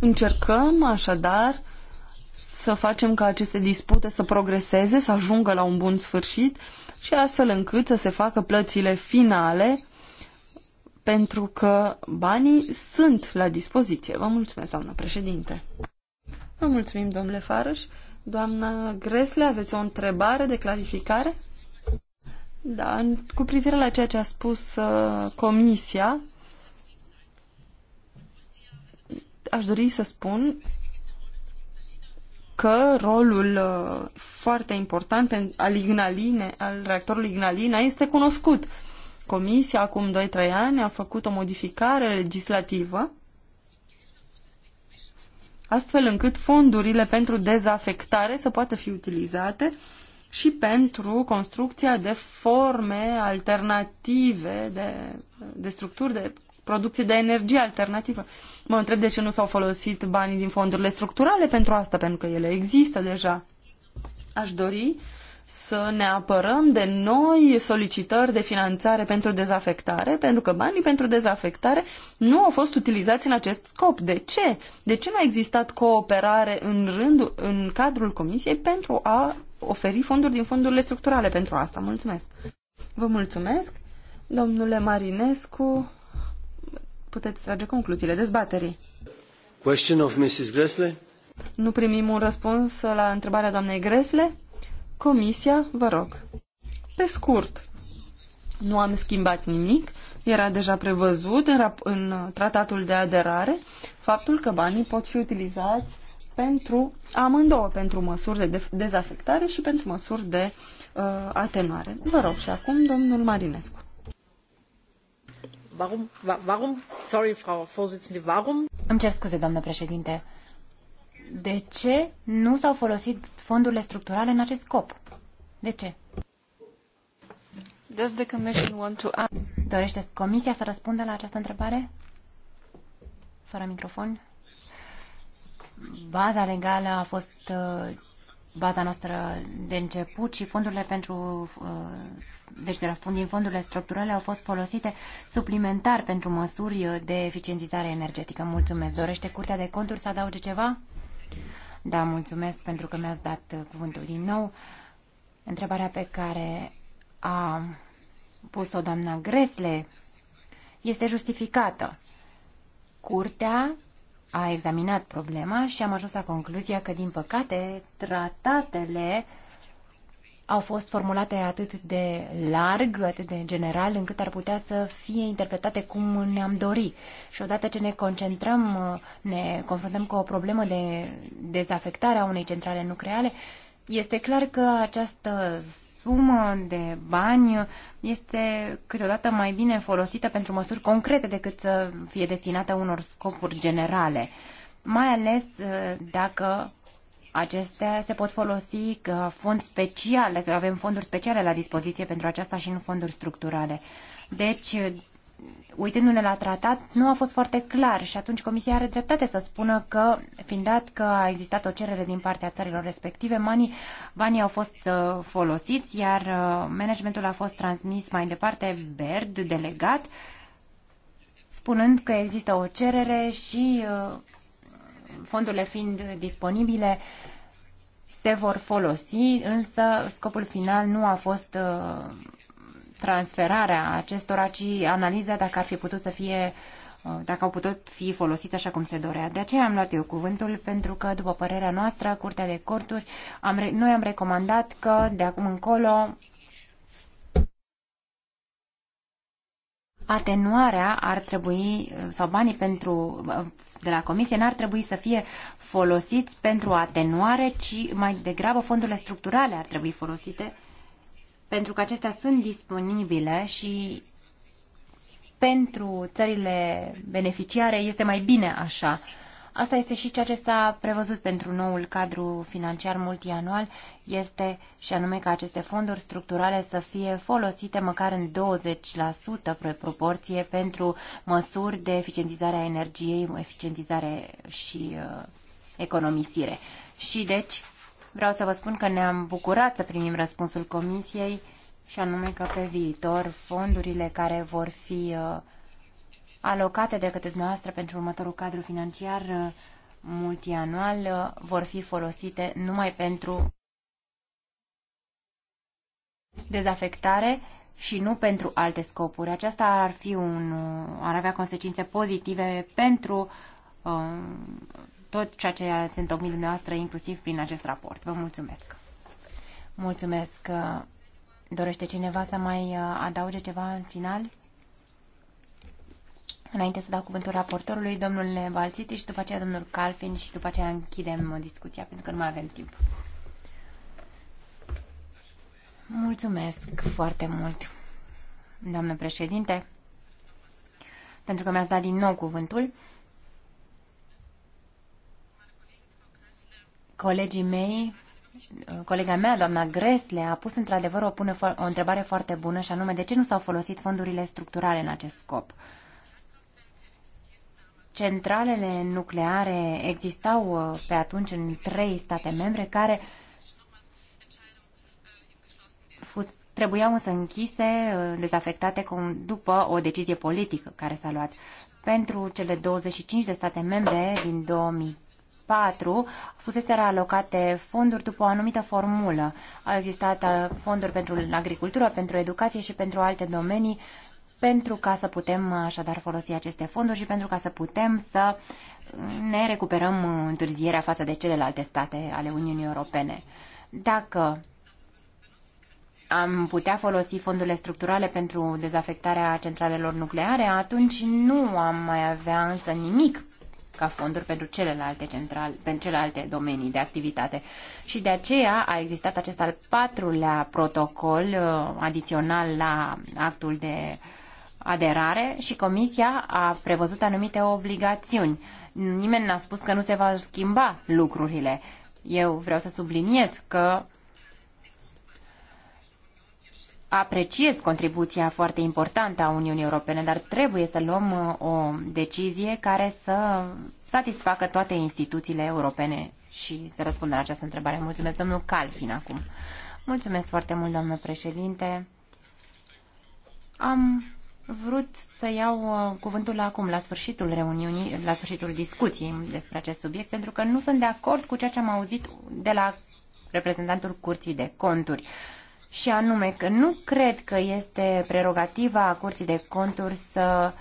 Încercăm așadar să facem ca aceste dispute să progreseze, să ajungă la un bun sfârșit și astfel încât să se facă plățile finale pentru că banii sunt la dispoziție. Vă mulțumesc, doamnă președinte. Vă mulțumim, domnule Farăș. Doamna Gresle, aveți o întrebare de clarificare? Da, cu privire la ceea ce a spus uh, comisia, aș dori să spun că rolul uh, foarte important al Ignaline, al reactorului Ignalina este cunoscut Comisia acum 2-3 ani a făcut o modificare legislativă astfel încât fondurile pentru dezafectare să poată fi utilizate și pentru construcția de forme alternative, de, de structuri de producție de energie alternativă. Mă întreb de ce nu s-au folosit banii din fondurile structurale pentru asta, pentru că ele există deja. Aș dori să ne apărăm de noi solicitări de finanțare pentru dezafectare, pentru că banii pentru dezafectare nu au fost utilizați în acest scop. De ce? De ce nu a existat cooperare în, rândul, în cadrul Comisiei pentru a oferi fonduri din fondurile structurale pentru asta? Mulțumesc! Vă mulțumesc! Domnule Marinescu, puteți trage concluziile dezbaterii. Question of Mrs. Gressley? Nu primim un răspuns la întrebarea doamnei Gresle? Comisia, vă rog. Pe scurt, nu am schimbat nimic, era deja prevăzut în, în tratatul de aderare faptul că banii pot fi utilizați pentru amândouă, pentru măsuri de, dezafectare și pentru măsuri de uh, atenuare. Vă rog și acum, domnul Marinescu. Warum? Warum? sorry, Frau Vorsitzende, Warum? Îmi cer scuze, doamnă președinte de ce nu s-au folosit fondurile structurale în acest scop? De ce? Does the commission want to... Dorește Comisia să răspundă la această întrebare? Fără microfon. Baza legală a fost uh, baza noastră de început și fondurile pentru, uh, deci de la, din fondurile structurale au fost folosite suplimentar pentru măsuri de eficientizare energetică. Mulțumesc. Dorește Curtea de Conturi să adauge ceva? Da, mulțumesc pentru că mi-ați dat cuvântul din nou. Întrebarea pe care a pus-o doamna Gresle este justificată. Curtea a examinat problema și am ajuns la concluzia că, din păcate, tratatele uh, au fost formulate atât de larg, atât de general, încât ar putea să fie interpretate cum ne-am dori. Și odată ce ne concentrăm, ne confruntăm cu o problemă de dezafectare a unei centrale nucleare, este clar că această sumă de bani este câteodată mai bine folosită pentru măsuri concrete decât să fie destinată unor scopuri generale, mai ales uh, dacă Acestea se pot folosi ca fond special, că avem fonduri speciale la dispoziție pentru aceasta și nu fonduri structurale. Deci, uitându-ne la tratat, nu a fost foarte clar și atunci Comisia are dreptate să spună că, fiind dat că a existat o cerere din partea țărilor respective, banii, banii au fost uh, folosiți, iar uh, managementul a fost transmis mai departe BERD, delegat, spunând că există o cerere și uh, fondurile fiind disponibile, se vor folosi, însă scopul final nu a fost uh, transferarea acestora, ci analiza dacă ar fi putut să fie uh, dacă au putut fi folosiți așa cum se dorea. De aceea am luat eu cuvântul, pentru că, după părerea noastră, Curtea de Corturi, am, noi am recomandat că, de acum încolo, atenuarea ar trebui, uh, sau banii pentru de la Comisie n-ar trebui să fie folosiți pentru atenuare, ci mai degrabă fondurile structurale ar trebui folosite pentru că acestea sunt disponibile și pentru țările beneficiare este mai bine așa. Asta este și ceea ce s-a prevăzut pentru noul cadru financiar multianual, este și anume ca aceste fonduri structurale să fie folosite măcar în 20% pe proporție pentru măsuri de eficientizare a energiei, eficientizare și uh, economisire. Și deci vreau să vă spun că ne-am bucurat să primim răspunsul comisiei și anume că pe viitor fondurile care vor fi uh, alocate de către dumneavoastră pentru următorul cadru financiar uh, multianual uh, vor fi folosite numai pentru dezafectare și nu pentru alte scopuri. Aceasta ar, fi un, uh, ar avea consecințe pozitive pentru uh, tot ceea ce ați întocmit dumneavoastră, inclusiv prin acest raport. Vă mulțumesc! Mulțumesc! Dorește cineva să mai adauge ceva în final? înainte să dau cuvântul raportorului, domnul Balțiti și după aceea domnul Calfin și după aceea închidem discuția, pentru că nu mai avem timp. Mulțumesc foarte mult, doamnă președinte, pentru că mi-ați dat din nou cuvântul. Colegii mei, colega mea, doamna Gresle, a pus într-adevăr o, pune, o întrebare foarte bună și anume de ce nu s-au folosit fondurile structurale în acest scop. Uh, centralele nucleare existau uh, pe atunci în trei state membre care trebuiau însă închise, uh, dezafectate după o decizie politică care s-a luat. Pentru cele 25 de state membre din 2004, fusese alocate fonduri după o anumită formulă. Au existat uh, fonduri pentru agricultură, pentru educație și pentru alte domenii pentru ca să putem uh, așadar folosi aceste fonduri și pentru ca să putem să ne recuperăm uh, întârzierea față de celelalte state ale Uniunii Europene. Dacă am putea folosi fondurile structurale pentru dezafectarea centralelor nucleare, atunci nu am mai avea însă nimic ca fonduri pentru celelalte, central, pentru celelalte domenii de activitate. Și de aceea a existat acest al patrulea protocol uh, adițional la actul de uh, aderare și Comisia a prevăzut anumite obligațiuni. Nimeni n-a spus că nu se va schimba lucrurile. Eu vreau să subliniez că apreciez contribuția foarte importantă a Uniunii Europene, dar trebuie să luăm uh, o decizie care să satisfacă toate instituțiile europene și să răspundă la această întrebare. Mulțumesc, domnul Calfin, acum. Mulțumesc foarte mult, doamnă președinte. Am vrut să iau uh, cuvântul acum, la sfârșitul reuniunii, la sfârșitul discuției despre acest subiect, pentru că nu sunt de acord cu ceea ce am auzit de la reprezentantul Curții de Conturi. Și anume că nu cred că este prerogativa a Curții de Conturi să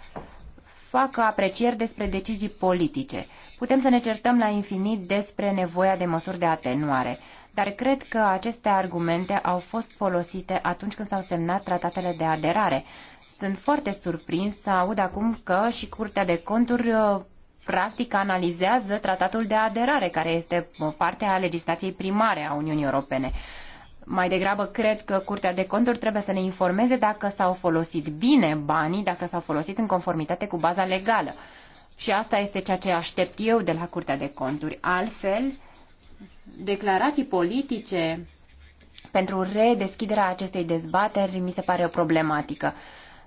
facă aprecieri despre decizii politice. Putem să ne certăm la infinit despre nevoia de măsuri de atenuare, dar cred că aceste argumente au fost folosite atunci când s-au semnat tratatele de aderare sunt foarte surprins să aud acum că și Curtea de Conturi uh, practic analizează tratatul de aderare, care este uh, parte a legislației primare a Uniunii Europene. Mai degrabă cred că Curtea de Conturi trebuie să ne informeze dacă s-au folosit bine banii, dacă s-au folosit în conformitate cu baza legală. Și asta este ceea ce aștept eu de la Curtea de Conturi. Altfel, declarații politice pentru redeschiderea acestei dezbateri mi se pare o problematică.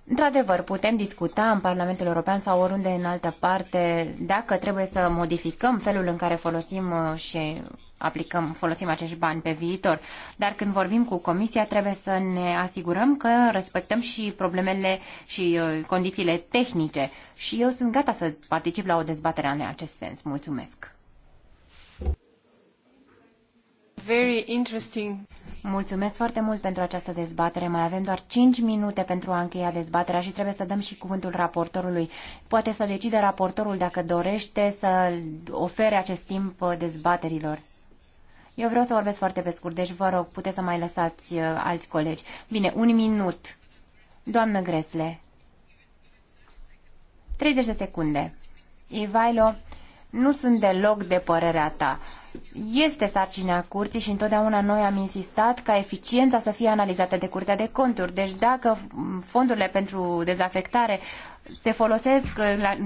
Într-adevăr, putem discuta în Parlamentul European sau oriunde în altă parte dacă trebuie să modificăm felul în care folosim uh, și aplicăm, folosim acești bani pe viitor. Dar când vorbim cu Comisia, trebuie să ne asigurăm că respectăm și problemele și uh, condițiile tehnice. Și eu sunt gata să particip la o dezbatere în acest sens. Mulțumesc! Very interesting. Mulțumesc foarte mult pentru această dezbatere. Mai avem doar 5 minute pentru a încheia dezbaterea și trebuie să dăm și cuvântul raportorului. Poate să decide raportorul dacă dorește să ofere acest timp uh, dezbaterilor. Eu vreau să vorbesc foarte pe scurt, deci vă rog, puteți să mai lăsați uh, alți colegi. Bine, un minut. Doamnă Gresle. 30 de secunde. Ivailo, nu sunt deloc de părerea ta. Este sarcina curții și întotdeauna noi am insistat ca eficiența să fie analizată de Curtea de Conturi. Deci dacă fondurile pentru dezafectare se folosesc la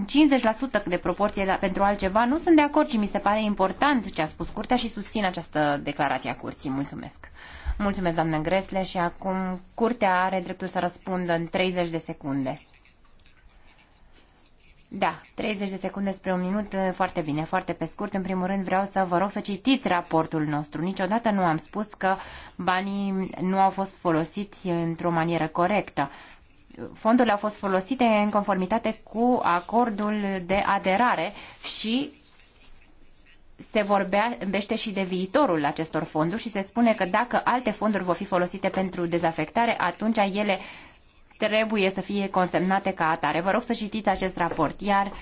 50% de proporție pentru altceva, nu sunt de acord și mi se pare important ce a spus Curtea și susțin această declarație a Curții. Mulțumesc! Mulțumesc, doamnă Gresle, și acum Curtea are dreptul să răspundă în 30 de secunde. Da, 30 de secunde spre un minut, foarte bine, foarte pe scurt. În primul rând vreau să vă rog să citiți raportul nostru. Niciodată nu am spus că banii nu au fost folosiți într-o manieră corectă. Fondurile au fost folosite în conformitate cu acordul de aderare și se vorbește și de viitorul acestor fonduri și se spune că dacă alte fonduri vor fi folosite pentru dezafectare, atunci ele trebuie să fie consemnate ca atare. Vă rog să citiți acest raport. Iar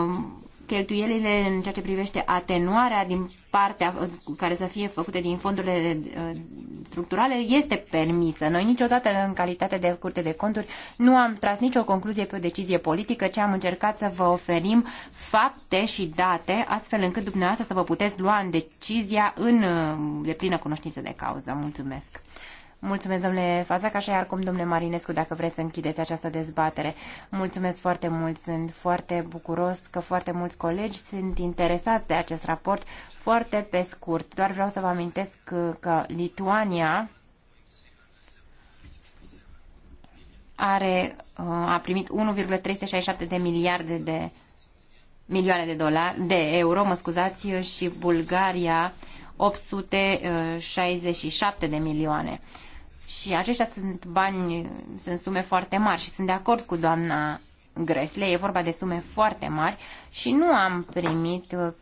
um, cheltuielile în ceea ce privește atenuarea din partea uh, care să fie făcute din fondurile uh, structurale este permisă. Noi niciodată în calitate de curte de conturi nu am tras nicio concluzie pe o decizie politică, ci am încercat să vă oferim fapte și date astfel încât dumneavoastră să vă puteți lua în decizia în uh, de plină cunoștință de cauză. Mulțumesc! Mulțumesc, domnule așa și cum domnule Marinescu, dacă vreți să închideți această dezbatere. Mulțumesc foarte mult, sunt foarte bucuros că foarte mulți colegi sunt interesați de acest raport foarte pe scurt. Doar vreau să vă amintesc că, că Lituania are, uh, a primit 1,367 de miliarde de milioane de dolari, de euro, mă scuzați, și Bulgaria 867 uh, de milioane. Și aceștia sunt bani, sunt sume foarte mari și sunt de acord cu doamna Gresle, e vorba de sume foarte mari și nu am primit uh,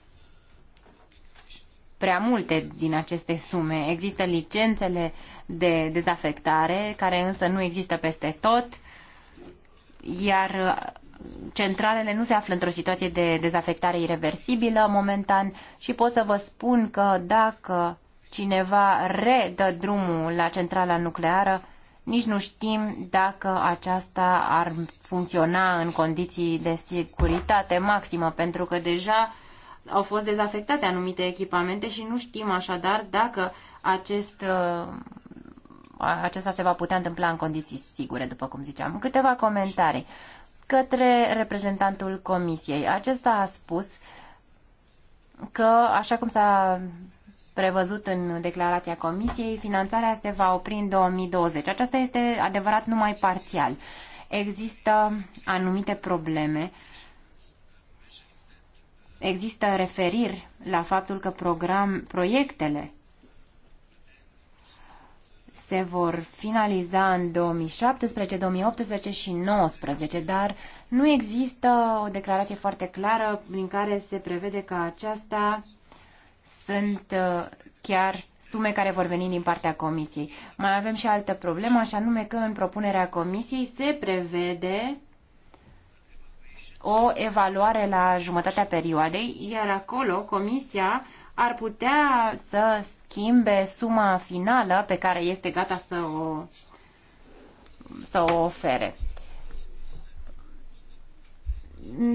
prea multe din aceste sume. Există licențele de dezafectare, care însă nu există peste tot, iar uh, centralele nu se află într-o situație de dezafectare irreversibilă momentan și pot să vă spun că dacă cineva redă drumul la centrala nucleară, nici nu știm dacă aceasta ar funcționa în condiții de securitate maximă, pentru că deja au fost dezafectate anumite echipamente și nu știm așadar dacă acest, uh, acesta se va putea întâmpla în condiții sigure, după cum ziceam. Câteva comentarii către reprezentantul Comisiei. Acesta a spus că, așa cum s-a prevăzut în declarația Comisiei, finanțarea se va opri în 2020. Aceasta este adevărat numai parțial. Există anumite probleme. Există referiri la faptul că program, proiectele se vor finaliza în 2017, 2018 și 2019, dar nu există o declarație foarte clară prin care se prevede că aceasta sunt uh, chiar sume care vor veni din partea Comisiei. Mai avem și altă problemă, așa nume că în propunerea Comisiei se prevede o evaluare la jumătatea perioadei, iar acolo Comisia ar putea să schimbe suma finală pe care este gata să o, să o ofere.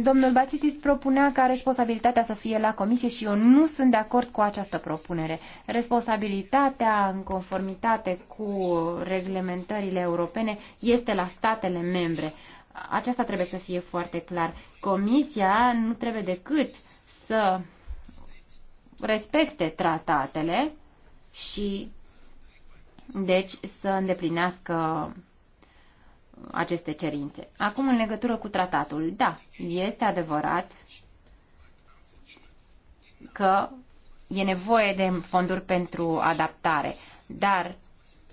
Domnul Bațitis propunea ca responsabilitatea să fie la comisie și eu nu sunt de acord cu această propunere. Responsabilitatea în conformitate cu reglementările europene este la statele membre. Aceasta trebuie să fie foarte clar. Comisia nu trebuie decât să respecte tratatele și deci să îndeplinească aceste cerințe. Acum, în legătură cu tratatul, da, este adevărat că e nevoie de fonduri pentru adaptare, dar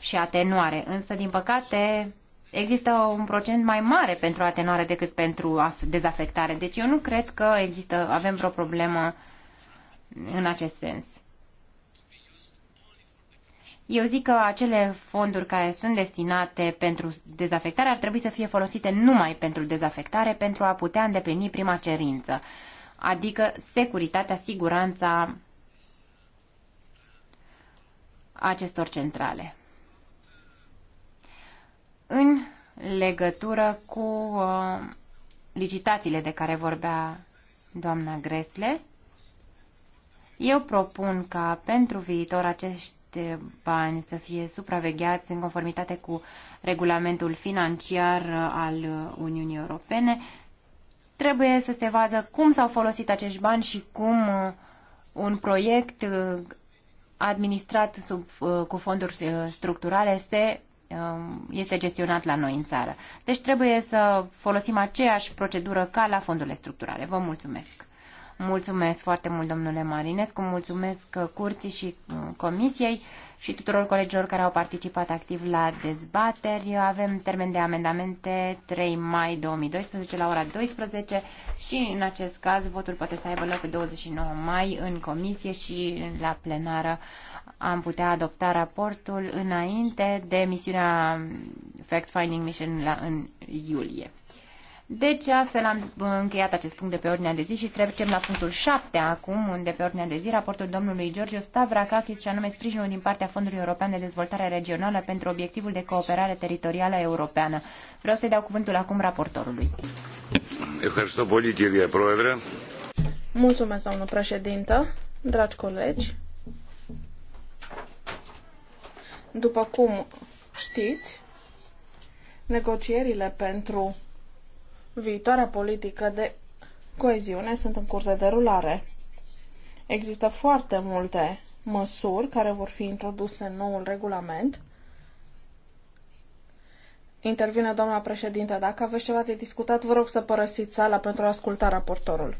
și atenuare. Însă, din păcate, există un procent mai mare pentru atenuare decât pentru dezafectare. Deci eu nu cred că există, avem vreo problemă în acest sens. Eu zic că acele fonduri care sunt destinate pentru dezafectare ar trebui să fie folosite numai pentru dezafectare pentru a putea îndeplini prima cerință, adică securitatea, siguranța acestor centrale. În legătură cu uh, licitațiile de care vorbea doamna Gresle, eu propun ca pentru viitor acești bani să fie supravegheați în conformitate cu regulamentul financiar al Uniunii Europene. Trebuie să se vadă cum s-au folosit acești bani și cum uh, un proiect uh, administrat sub, uh, cu fonduri structurale se um, este gestionat la noi în țară. Deci trebuie să folosim aceeași procedură ca la fondurile structurale. Vă mulțumesc! Mulțumesc foarte mult, domnule Marinescu, mulțumesc uh, curții și uh, comisiei și tuturor colegilor care au participat activ la dezbateri. Avem termen de amendamente 3 mai 2012 la ora 12 și în acest caz votul poate să aibă loc pe 29 mai în comisie și la plenară am putea adopta raportul înainte de misiunea Fact Finding Mission la, în iulie. Deci, astfel am încheiat acest punct de pe ordinea de zi și trecem la punctul 7 acum, unde pe ordinea de zi raportul domnului Giorgio Stavrakakis și anume sprijinul din partea Fondului European de Dezvoltare Regională pentru obiectivul de cooperare teritorială europeană. Vreau să-i dau cuvântul acum raportorului. Mulțumesc, doamnă președintă, dragi colegi. După cum știți, negocierile pentru viitoarea politică de coeziune sunt în curs de derulare. Există foarte multe măsuri care vor fi introduse în noul regulament. Intervine doamna președinte, dacă aveți ceva de discutat, vă rog să părăsiți sala pentru a asculta raportorul.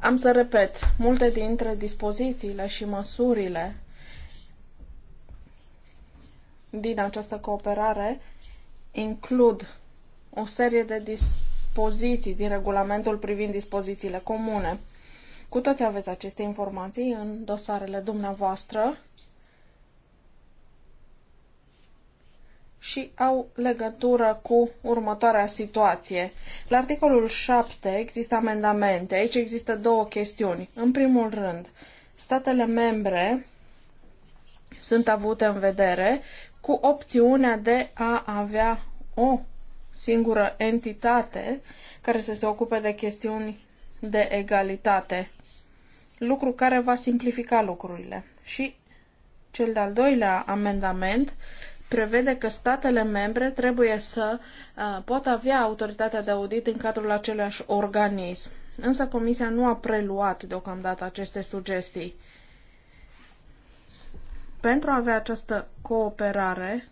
Am să repet, multe dintre dispozițiile și măsurile din această cooperare includ o serie de dispoziții din regulamentul privind dispozițiile comune. Cu toți aveți aceste informații în dosarele dumneavoastră și au legătură cu următoarea situație. La articolul 7 există amendamente. Aici există două chestiuni. În primul rând, statele membre sunt avute în vedere cu opțiunea de a avea o singură entitate care să se ocupe de chestiuni de egalitate, lucru care va simplifica lucrurile. Și cel de-al doilea amendament prevede că statele membre trebuie să uh, pot avea autoritatea de audit în cadrul aceluiași organism. Însă Comisia nu a preluat deocamdată aceste sugestii. Pentru a avea această cooperare,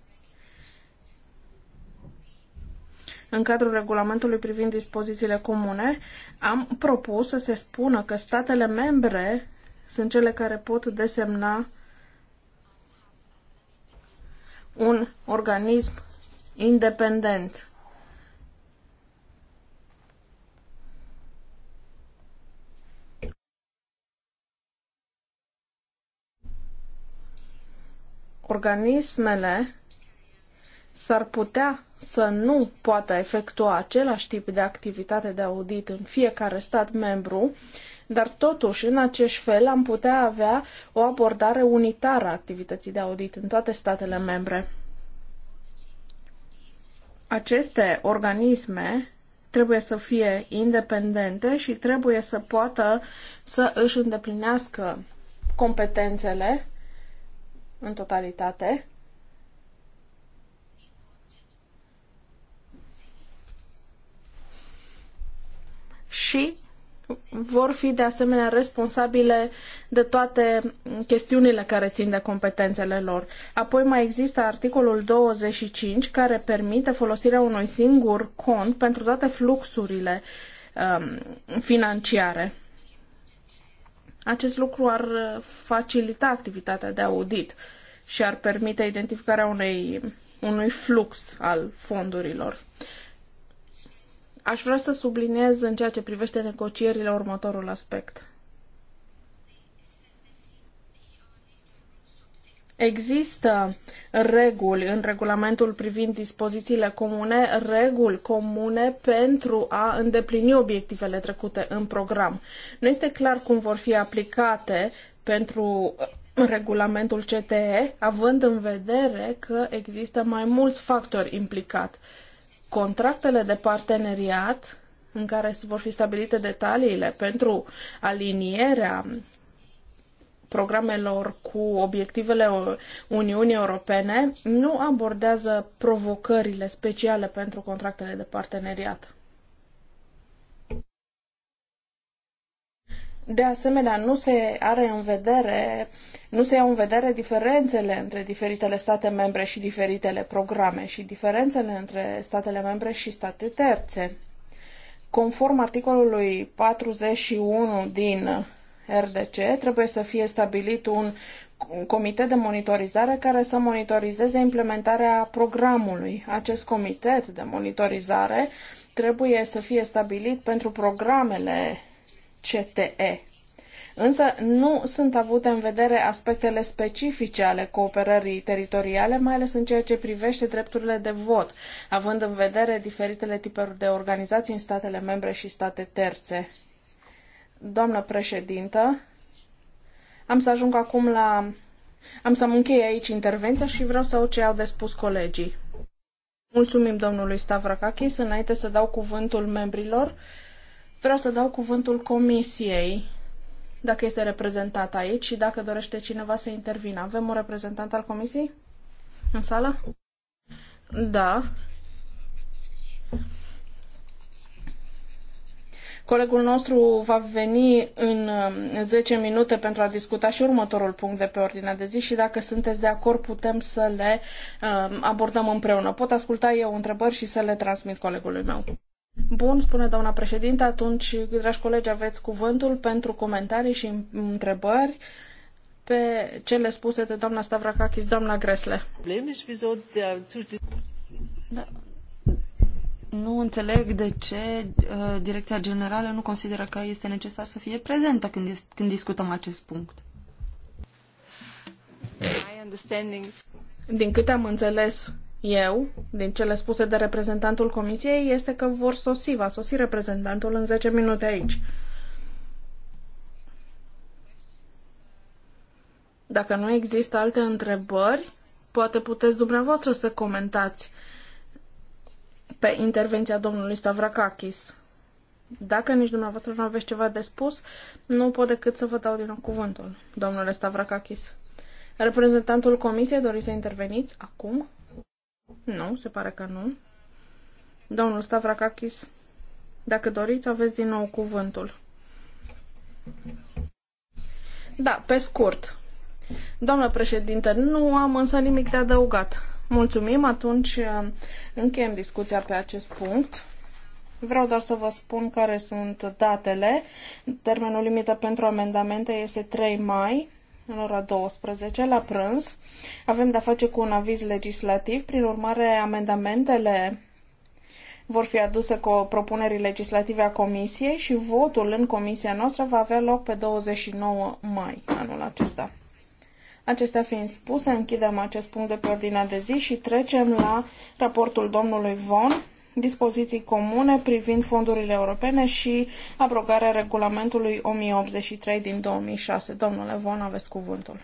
în cadrul regulamentului privind dispozițiile comune, am propus să se spună că statele membre sunt cele care pot desemna un organism independent organismele s-ar putea să nu poată efectua același tip de activitate de audit în fiecare stat membru, dar totuși, în acest fel, am putea avea o abordare unitară a activității de audit în toate statele membre. Aceste organisme trebuie să fie independente și trebuie să poată să își îndeplinească competențele în totalitate și vor fi de asemenea responsabile de toate chestiunile care țin de competențele lor. Apoi mai există articolul 25 care permite folosirea unui singur cont pentru toate fluxurile um, financiare. Acest lucru ar facilita activitatea de audit și ar permite identificarea unei, unui flux al fondurilor. Uh, Aș vrea să subliniez în ceea ce privește negocierile următorul aspect. Există reguli în regulamentul privind dispozițiile comune, reguli comune pentru a îndeplini obiectivele trecute în program. Nu este clar cum vor fi aplicate pentru regulamentul CTE, având în vedere că există mai mulți factori implicați contractele de parteneriat în care vor fi stabilite detaliile pentru alinierea programelor cu obiectivele Uniunii Europene nu abordează provocările speciale pentru contractele de parteneriat. De asemenea, nu se are în vedere, nu se iau în vedere diferențele între diferitele state membre și diferitele programe și diferențele între statele membre și state terțe. Conform articolului 41 din RDC, trebuie să fie stabilit un comitet de monitorizare care să monitorizeze implementarea programului. Acest comitet de monitorizare trebuie să fie stabilit pentru programele CTE. Însă nu sunt avute în vedere aspectele specifice ale cooperării teritoriale, mai ales în ceea ce privește drepturile de vot, având în vedere diferitele tipuri de organizații în statele membre și state terțe. Doamnă președintă, am să ajung acum la... Am să-mi închei aici intervenția și vreau să aud ce au de spus colegii. Mulțumim domnului Stavrakakis. Înainte să dau cuvântul membrilor, Vreau să dau cuvântul comisiei, dacă este reprezentat aici și dacă dorește cineva să intervină. Avem un reprezentant al comisiei în sală? Da. Colegul nostru va veni în 10 um, minute pentru a discuta și următorul punct de pe ordinea de zi și dacă sunteți de acord putem să le um, abordăm împreună. Pot asculta eu întrebări și să le transmit colegului meu. Bun, spune doamna președinte, atunci, dragi colegi, aveți cuvântul pentru comentarii și întrebări pe cele spuse de doamna Stavrakakis, doamna Gresle. Da. Nu înțeleg de ce uh, Direcția Generală nu consideră că este necesar să fie prezentă când, când discutăm acest punct. Din câte am înțeles, eu, din cele spuse de reprezentantul comisiei, este că vor sosi, va sosi reprezentantul în 10 minute aici. Dacă nu există alte întrebări, poate puteți dumneavoastră să comentați pe intervenția domnului Stavrakakis. Dacă nici dumneavoastră nu aveți ceva de spus, nu pot decât să vă dau din nou cuvântul, domnule Stavrakakis. Reprezentantul comisiei doriți să interveniți acum? Nu, se pare că nu. Domnul Stavrakakis, dacă doriți, aveți din nou cuvântul. Da, pe scurt. Doamnă președinte, nu am însă nimic de adăugat. Mulțumim, atunci uh, încheiem discuția pe acest punct. Vreau doar să vă spun care sunt datele. Termenul limită pentru amendamente este 3 mai în ora 12, la prânz. Avem de-a face cu un aviz legislativ, prin urmare amendamentele vor fi aduse cu propunerii legislative a Comisiei și votul în Comisia noastră va avea loc pe 29 mai anul acesta. Acestea fiind spuse, închidem acest punct de pe ordinea de zi și trecem la raportul domnului Von dispoziții comune privind fondurile europene și abrogarea regulamentului 1083 din 2006. Domnule Von, aveți cuvântul.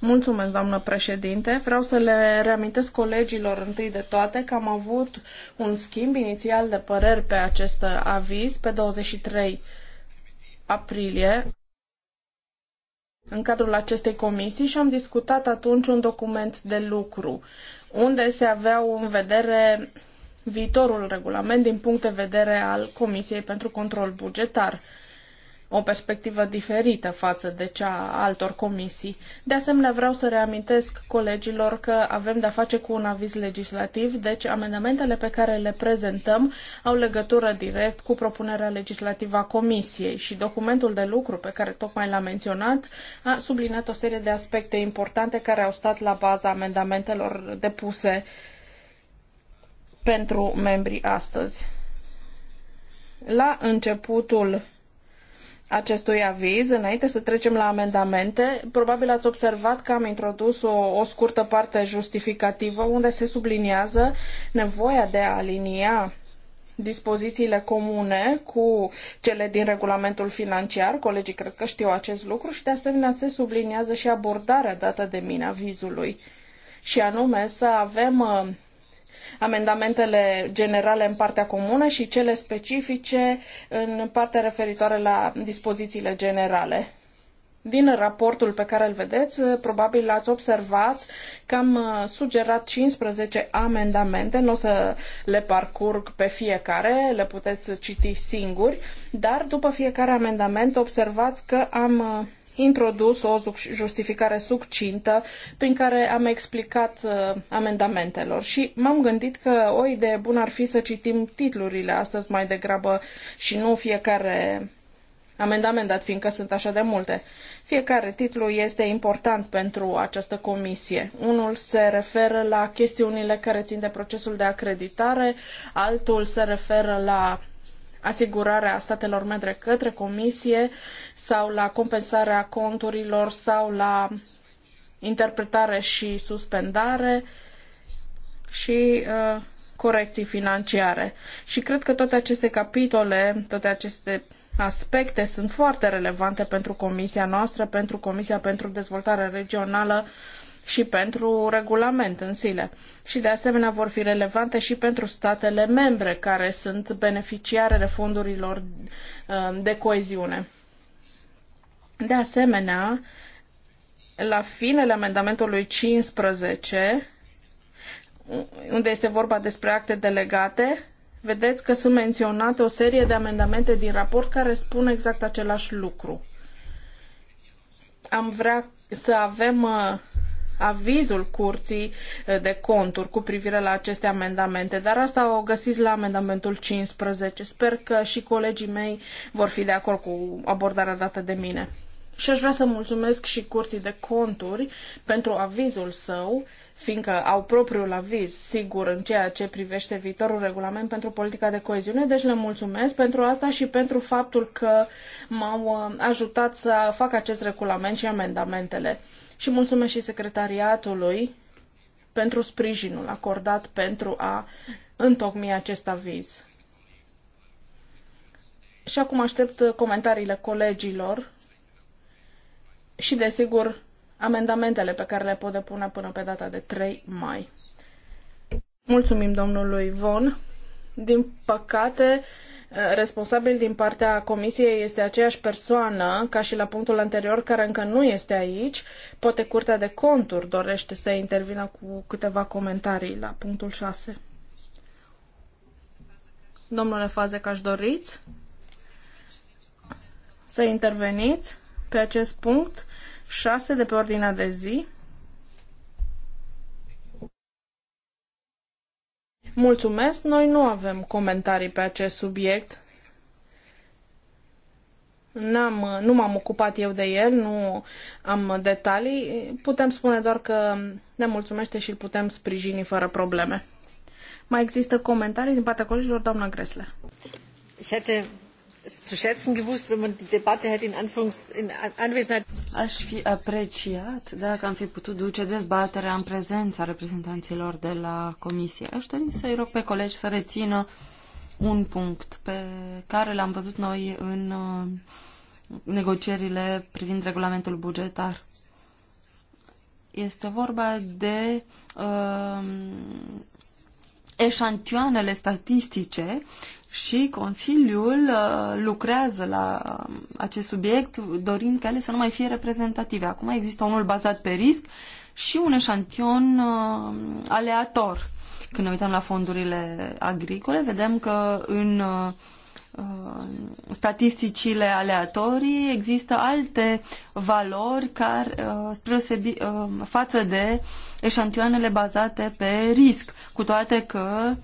Mulțumesc, doamnă președinte. Vreau să le reamintesc colegilor întâi de toate că am avut un schimb inițial de păreri pe acest aviz pe 23 aprilie în cadrul acestei comisii și am discutat atunci un document de lucru unde se aveau în vedere viitorul regulament din punct de vedere al Comisiei pentru Control Bugetar o perspectivă diferită față de cea a altor comisii. De asemenea, vreau să reamintesc colegilor că avem de-a face cu un aviz legislativ, deci amendamentele pe care le prezentăm au legătură direct cu propunerea legislativă a comisiei și documentul de lucru pe care tocmai l-am menționat a subliniat o serie de aspecte importante care au stat la baza amendamentelor depuse pentru membrii astăzi. La începutul acestui aviz, înainte să trecem la amendamente, probabil ați observat că am introdus o, o scurtă parte justificativă unde se subliniază nevoia de a alinia dispozițiile comune cu cele din regulamentul financiar. Colegii cred că știu acest lucru și de asemenea se subliniază și abordarea dată de mine avizului. Și anume să avem uh, amendamentele generale în partea comună și cele specifice în partea referitoare la dispozițiile generale. Din raportul pe care îl vedeți, probabil ați observat că am uh, sugerat 15 amendamente, nu o să le parcurg pe fiecare, le puteți citi singuri, dar după fiecare amendament observați că am uh, introdus o justificare succintă prin care am explicat uh, amendamentelor și m-am gândit că o idee bună ar fi să citim titlurile astăzi mai degrabă și nu fiecare amendament, dat fiindcă sunt așa de multe. Fiecare titlu este important pentru această comisie. Unul se referă la chestiunile care țin de procesul de acreditare, altul se referă la asigurarea statelor membre către comisie sau la compensarea conturilor sau la interpretare și suspendare și uh, corecții financiare. Și cred că toate aceste capitole, toate aceste aspecte sunt foarte relevante pentru comisia noastră, pentru Comisia pentru Dezvoltare Regională, uh, și pentru regulament în sine. Și de asemenea vor fi relevante și pentru statele membre care sunt beneficiarele fondurilor um, de coeziune. De asemenea, la finele amendamentului 15, unde este vorba despre acte delegate, vedeți că sunt menționate o serie de amendamente din raport care spun exact același lucru. Am vrea să avem uh, avizul curții eh, de conturi cu privire la aceste amendamente, dar asta o găsiți la amendamentul 15. Sper că și colegii mei vor fi de acord cu abordarea dată de mine. Și aș vrea să mulțumesc și curții de conturi pentru avizul său, fiindcă au propriul aviz, sigur, în ceea ce privește viitorul regulament pentru politica de coeziune, deci le mulțumesc pentru asta și pentru faptul că m-au eh, ajutat să fac acest regulament și amendamentele și mulțumesc și secretariatului pentru sprijinul acordat pentru a întocmi acest aviz. Și acum aștept comentariile colegilor și, desigur, amendamentele pe care le pot depune până pe data de 3 mai. Mulțumim domnului Von. Din păcate, responsabil din partea comisiei este aceeași persoană ca și la punctul anterior care încă nu este aici. Poate Curtea de Conturi dorește să intervină cu câteva comentarii la punctul 6. Domnule Fazecaș, doriți să interveniți pe acest punct 6 de pe ordinea de zi? Mulțumesc, noi nu avem comentarii pe acest subiect. N-am, nu m-am ocupat eu de el, nu am detalii. Putem spune doar că ne mulțumește și îl putem sprijini fără probleme. Mai există comentarii din partea colegilor, doamna Gresle zu schätzen gewusst, wenn man die Debatte hätte in, Anführungs, in Anwesenheit. Aș fi apreciat dacă am fi putut duce dezbaterea în prezența reprezentanților de la Comisie. Aș dori să-i rog pe colegi să rețină un punct pe care l-am văzut noi în uh, negocierile privind regulamentul bugetar. Este vorba de uh, eșantioanele statistice și Consiliul uh, lucrează la um, acest subiect dorind ca ele să nu mai fie reprezentative. Acum există unul bazat pe risc și un eșantion uh, aleator. Când ne uităm la fondurile agricole, vedem că în uh, statisticile aleatorii există alte valori care, spreosebi, față de eșantioanele bazate pe risc, cu toate că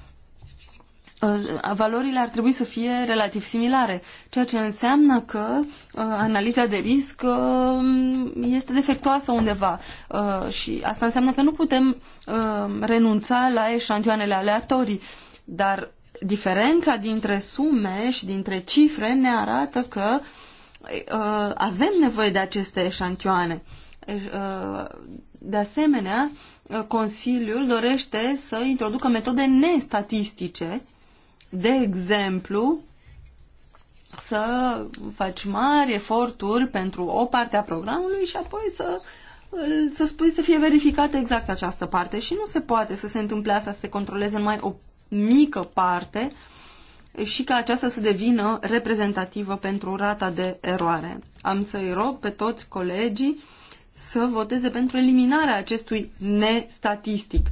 Uh, valorile ar trebui să fie relativ similare, ceea ce înseamnă că uh, analiza de risc uh, este defectuoasă undeva uh, și asta înseamnă că nu putem uh, renunța la eșantioanele aleatorii, dar diferența dintre sume și dintre cifre ne arată că uh, avem nevoie de aceste eșantioane. De asemenea, Consiliul dorește să introducă metode nestatistice de exemplu, să faci mari eforturi pentru o parte a programului și apoi să, să spui să fie verificată exact această parte și nu se poate să se întâmple asta, să se controleze numai o mică parte și ca aceasta să devină reprezentativă pentru rata de eroare. Am să-i rog pe toți colegii să voteze pentru eliminarea acestui nestatistic.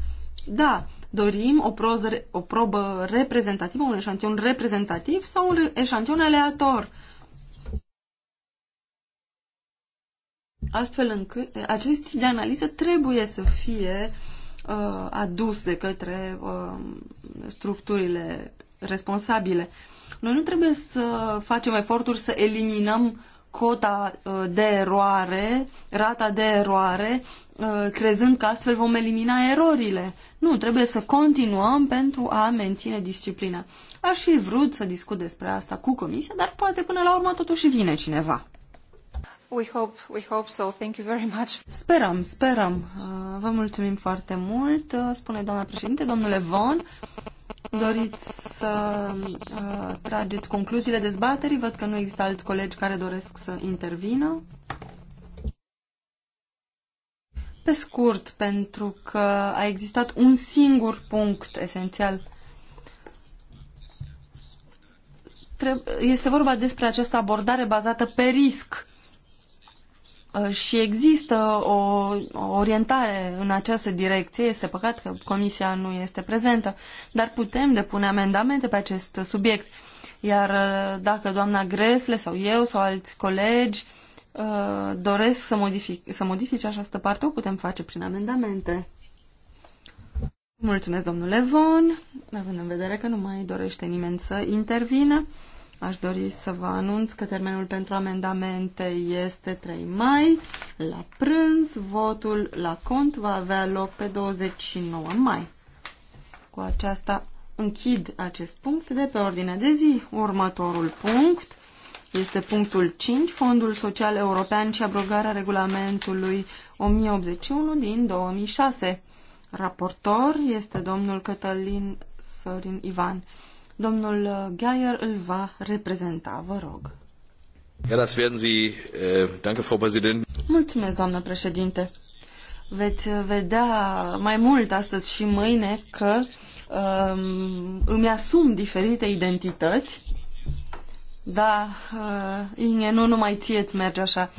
Da, Dorim o, proză, o probă reprezentativă, un eșantion reprezentativ sau un eșantion aleator? Astfel încât eh, acest tip de analiză trebuie să fie uh, adus de către uh, structurile responsabile. Noi nu trebuie să facem eforturi să eliminăm cota de eroare, rata de eroare Uh, crezând că astfel vom elimina erorile. Nu, trebuie să continuăm pentru a menține disciplina. Aș fi vrut să discut despre asta cu comisia, dar poate până la urmă totuși vine cineva. We hope, we hope so. Thank you very much. Sperăm, sperăm. Uh, vă mulțumim foarte mult, uh, spune doamna președinte. Domnule Von, doriți să trageți concluziile dezbaterii? Văd că nu există alți colegi care doresc să intervină. Pe scurt, pentru că a existat un singur punct esențial. Este vorba despre această abordare bazată pe risc. Uh, și există o orientare în această direcție, este păcat că Comisia nu este prezentă, dar putem depune amendamente pe acest subiect. Iar uh, dacă doamna Gresle sau eu sau alți colegi uh, Uh, doresc să, modific, să modifice această parte, o putem face prin amendamente. Mulțumesc, domnule Von. Având în vedere că nu mai dorește nimeni să intervină, aș dori să vă anunț că termenul pentru amendamente este 3 mai. La prânz, votul la cont va avea loc pe 29 mai. Cu aceasta închid acest punct de pe ordinea de zi. Următorul punct este punctul 5, Fondul Social European și abrogarea regulamentului 1081 din 2006. Raportor este domnul Cătălin Sorin Ivan. Domnul Geier îl va reprezenta, vă rog. Ja, das werden Sie, äh, danke, Frau Präsident. Mulțumesc, doamnă președinte. Veți vedea mai mult astăzi și mâine că um, îmi asum diferite identități da, uh, Inge, nu numai ție îți merge așa.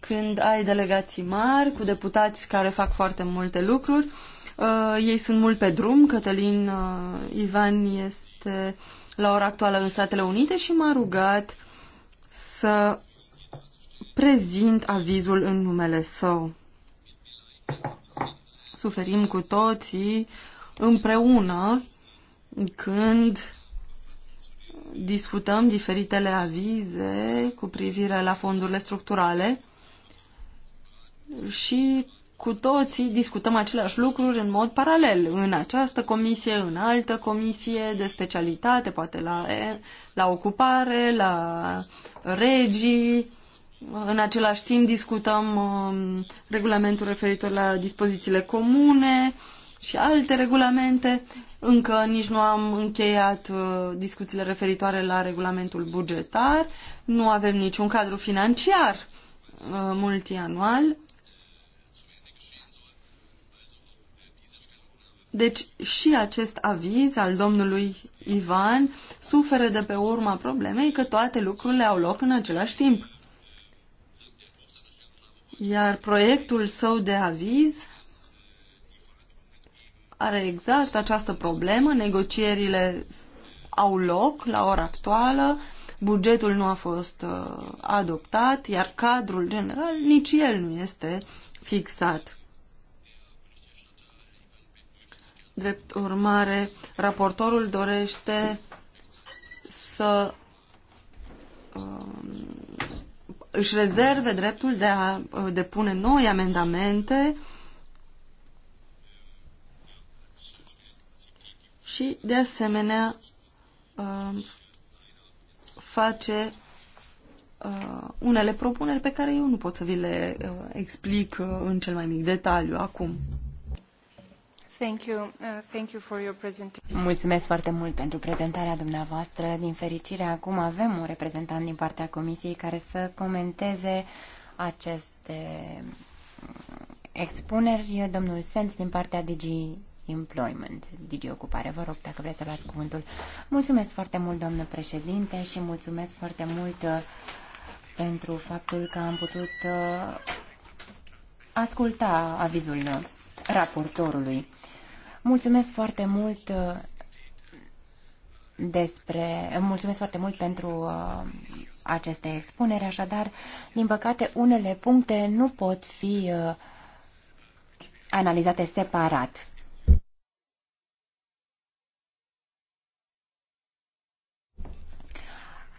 Când ai delegații mari cu deputați care fac foarte multe lucruri, uh, ei sunt mult pe drum. Cătălin uh, Ivan este la ora actuală în Statele Unite și m-a rugat să prezint avizul în numele său. Suferim cu toții împreună când discutăm diferitele avize cu privire la fondurile structurale și cu toții discutăm aceleași lucruri în mod paralel, în această comisie, în altă comisie de specialitate, poate la, la ocupare, la regii. În același timp discutăm um, regulamentul referitor la dispozițiile comune și alte regulamente. Încă nici nu am încheiat uh, discuțiile referitoare la regulamentul bugetar, nu avem niciun cadru financiar uh, multianual. Deci și acest aviz al domnului Ivan suferă de pe urma problemei că toate lucrurile au loc în același timp. Iar proiectul său de aviz are exact această problemă, negocierile au loc la ora actuală, bugetul nu a fost uh, adoptat, iar cadrul general nici el nu este fixat. Drept urmare, raportorul dorește să um, își rezerve dreptul de a uh, depune noi amendamente și, de asemenea, uh, face uh, unele propuneri pe care eu nu pot să vi le uh, explic în cel mai mic detaliu acum. Mulțumesc foarte mult pentru prezentarea dumneavoastră. Din fericire, acum avem un reprezentant din partea Comisiei care să comenteze aceste expuneri. Domnul Sens din partea DG Employment, Digi Ocupare. Vă rog, dacă vreți să luați cuvântul. Mulțumesc foarte mult, doamnă președinte, și mulțumesc foarte mult uh, pentru faptul că am putut uh, asculta avizul raportorului. Mulțumesc foarte mult uh, despre... Mulțumesc foarte mult pentru aceste expuneri, așadar, din păcate, unele puncte nu pot fi analizate separat.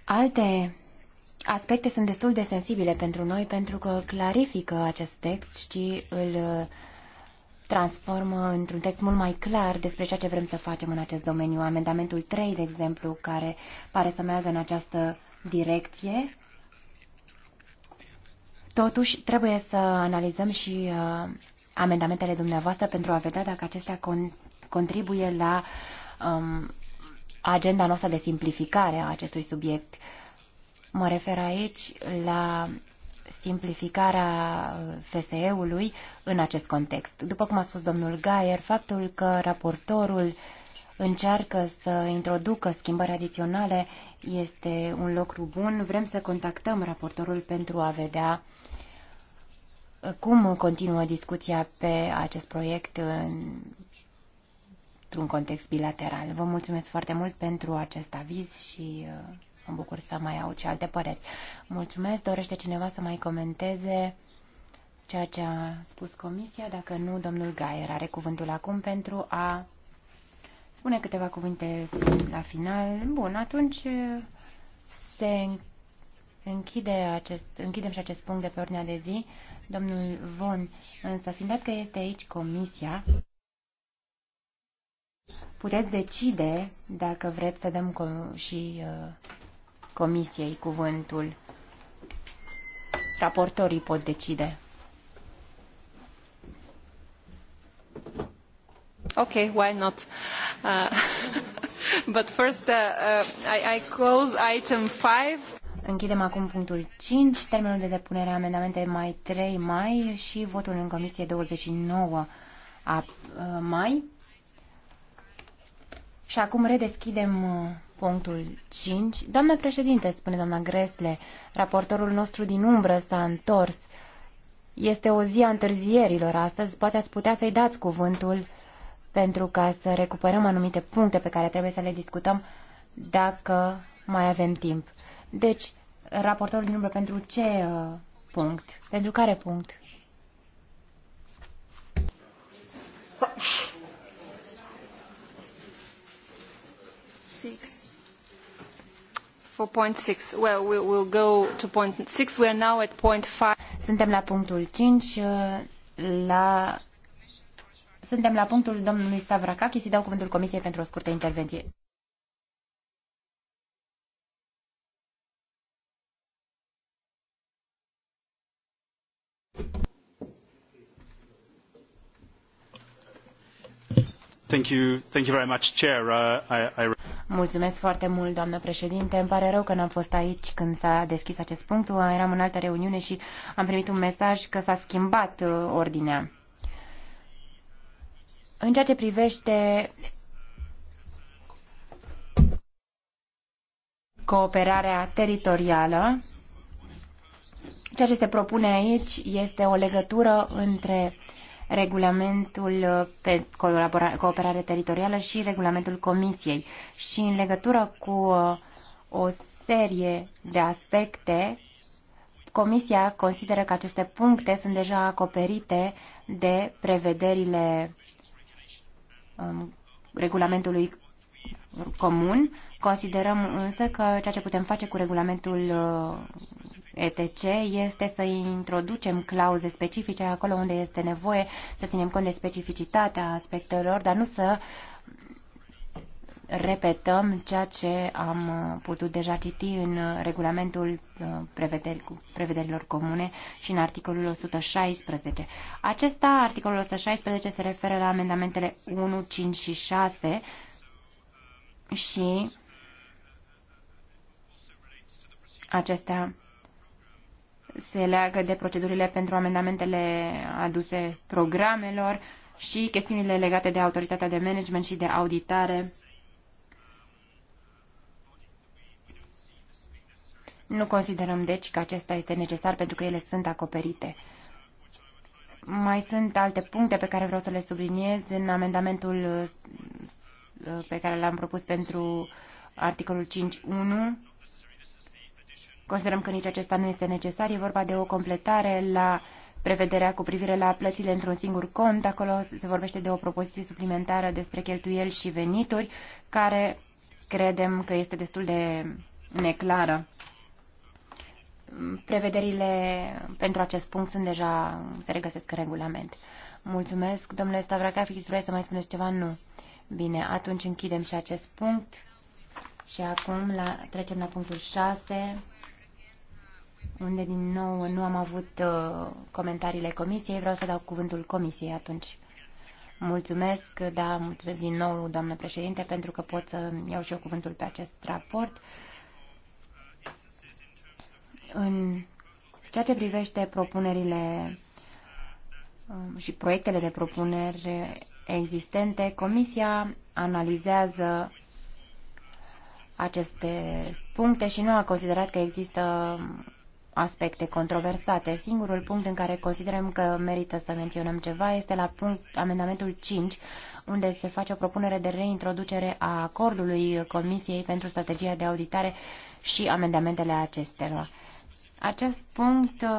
Alte aspecte sunt destul de sensibile pentru noi pentru că clarifică acest text și îl uh, transformă într-un text mult mai clar despre ceea ce vrem să facem în acest domeniu. Amendamentul 3, de exemplu, care pare să meargă în această direcție. Totuși, trebuie să analizăm și uh, amendamentele dumneavoastră pentru a vedea dacă acestea con- contribuie la um, agenda noastră de simplificare a acestui subiect. Mă refer aici la simplificarea FSE-ului în acest context. După cum a spus domnul Gaier, faptul că raportorul încearcă să introducă schimbări adiționale este un lucru bun. Vrem să contactăm raportorul pentru a vedea cum continuă discuția pe acest proiect în într-un context bilateral. Vă mulțumesc foarte mult pentru acest aviz și uh, mă bucur să mai au și alte păreri. Mulțumesc. Dorește cineva să mai comenteze ceea ce a spus comisia? Dacă nu, domnul Gaier are cuvântul acum pentru a spune câteva cuvinte la final. Bun, atunci uh, se închide acest, închidem și acest punct de pe ordinea de zi. Domnul Von, însă fiind dat că este aici comisia, Puteți decide dacă vreți să dăm com și uh, comisiei cuvântul. Raportorii pot decide. Ok, why not? Uh, but first, uh, uh, I, I close item 5. Închidem acum punctul 5, termenul de depunere a amendamente mai 3 mai și votul în comisie 29 a, uh, mai. Și acum redeschidem uh, punctul 5. Doamnă președinte, spune doamna Gresle, raportorul nostru din umbră s-a întors. Este o zi a întârzierilor astăzi, poate ați putea să-i dați cuvântul pentru ca să recuperăm anumite puncte pe care trebuie să le discutăm dacă mai avem timp. Deci, raportorul din umbră pentru ce uh, punct? Pentru care punct? For point six. Well, we will go to point six. We are now at point five. Suntem la punctul 5, uh, la... Suntem la punctul domnului Stavrakakis. îi dau cuvântul Comisiei pentru o scurtă intervenție. Thank you, thank you very much, Chair. Uh, I, I... Mulțumesc foarte mult, doamnă președinte. Îmi pare rău că n-am fost aici când s-a deschis acest punct. Eram în altă reuniune și am primit un mesaj că s-a schimbat uh, ordinea. În ceea ce privește cooperarea teritorială, ceea ce se propune aici este o legătură între regulamentul uh, pe cooperare teritorială și regulamentul Comisiei. Și în legătură cu uh, o serie de aspecte, Comisia consideră că aceste puncte sunt deja acoperite de prevederile um, regulamentului comun Considerăm însă că ceea ce putem face cu regulamentul uh, ETC este să introducem clauze specifice acolo unde este nevoie, să ținem cont de specificitatea aspectelor, dar nu să repetăm ceea ce am uh, putut deja citi în uh, regulamentul prevederilor comune și în articolul 116. Acesta, articolul 116, se referă la amendamentele 1, 5 și 6 și Acestea se leagă de procedurile pentru amendamentele aduse programelor și chestiunile legate de autoritatea de management și de auditare. Nu considerăm, deci, că acesta este necesar pentru că ele sunt acoperite. Mai sunt alte puncte pe care vreau să le subliniez în amendamentul uh, pe care l-am propus pentru articolul 5.1 Considerăm că nici acesta nu este necesar. E vorba de o completare la prevederea cu privire la plățile într-un singur cont. Acolo se vorbește de o propoziție suplimentară despre cheltuieli și venituri, care credem că este destul de neclară. Prevederile pentru acest punct sunt deja, se regăsesc în regulament. Mulțumesc, domnule Stavrakafis, vrei să mai spuneți ceva? Nu. Bine, atunci închidem și acest punct. Și acum la, trecem la punctul 6, unde din nou nu am avut uh, comentariile comisiei. Vreau să dau cuvântul comisiei atunci. Mulțumesc, da, mulțumesc din nou, doamnă președinte, pentru că pot să iau și eu cuvântul pe acest raport. În ceea ce privește propunerile um, și proiectele de propunere existente, Comisia analizează aceste puncte și nu a considerat că există aspecte controversate. Singurul punct în care considerăm că merită să menționăm ceva este la punct, amendamentul 5, unde se face o propunere de reintroducere a acordului Comisiei pentru strategia de auditare și amendamentele acestora. Acest punct uh,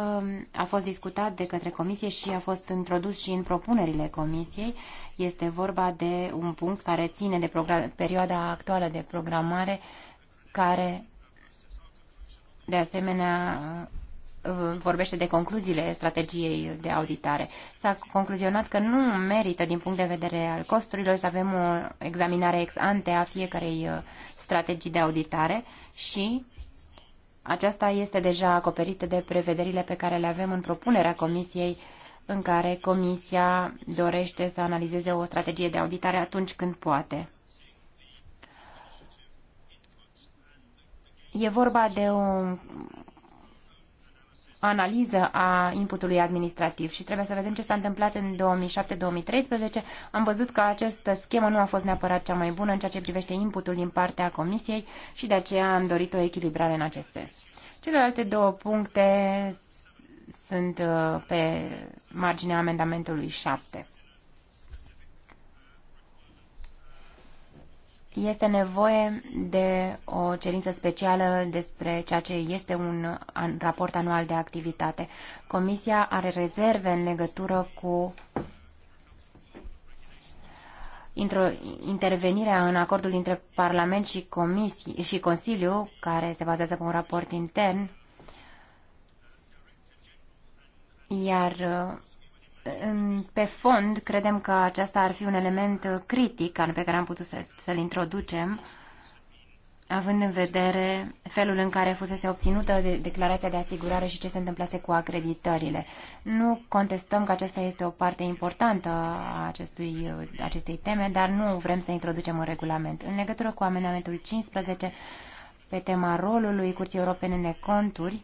a fost discutat de către Comisie și a fost introdus și în propunerile Comisiei. Este vorba de un punct care ține de perioada actuală de programare care de asemenea, vorbește de concluziile strategiei de auditare. S-a concluzionat că nu merită din punct de vedere al costurilor să avem o examinare ex ante a fiecarei uh, strategii de auditare și aceasta este deja acoperită de prevederile pe care le avem în propunerea Comisiei în care Comisia dorește să analizeze o strategie de auditare atunci când poate. E vorba de o analiză a inputului administrativ și trebuie să vedem ce s-a întâmplat în 2007-2013. Am văzut că această schemă nu a fost neapărat cea mai bună în ceea ce privește inputul din partea Comisiei și de aceea am dorit o echilibrare în acest sens. Celelalte două puncte sunt uh, pe marginea amendamentului 7. este nevoie de o cerință specială despre ceea ce este un raport anual de activitate. Comisia are rezerve în legătură cu intervenirea în acordul dintre Parlament și, Comisie, și Consiliu, care se bazează pe un raport intern, iar pe fond, credem că aceasta ar fi un element critic pe care am putut să, să-l introducem, având în vedere felul în care fusese obținută de declarația de asigurare și ce se întâmplase cu acreditările. Nu contestăm că aceasta este o parte importantă a acestui, acestei teme, dar nu vrem să introducem un regulament. În legătură cu amendamentul 15, pe tema rolului Curții Europene de Conturi,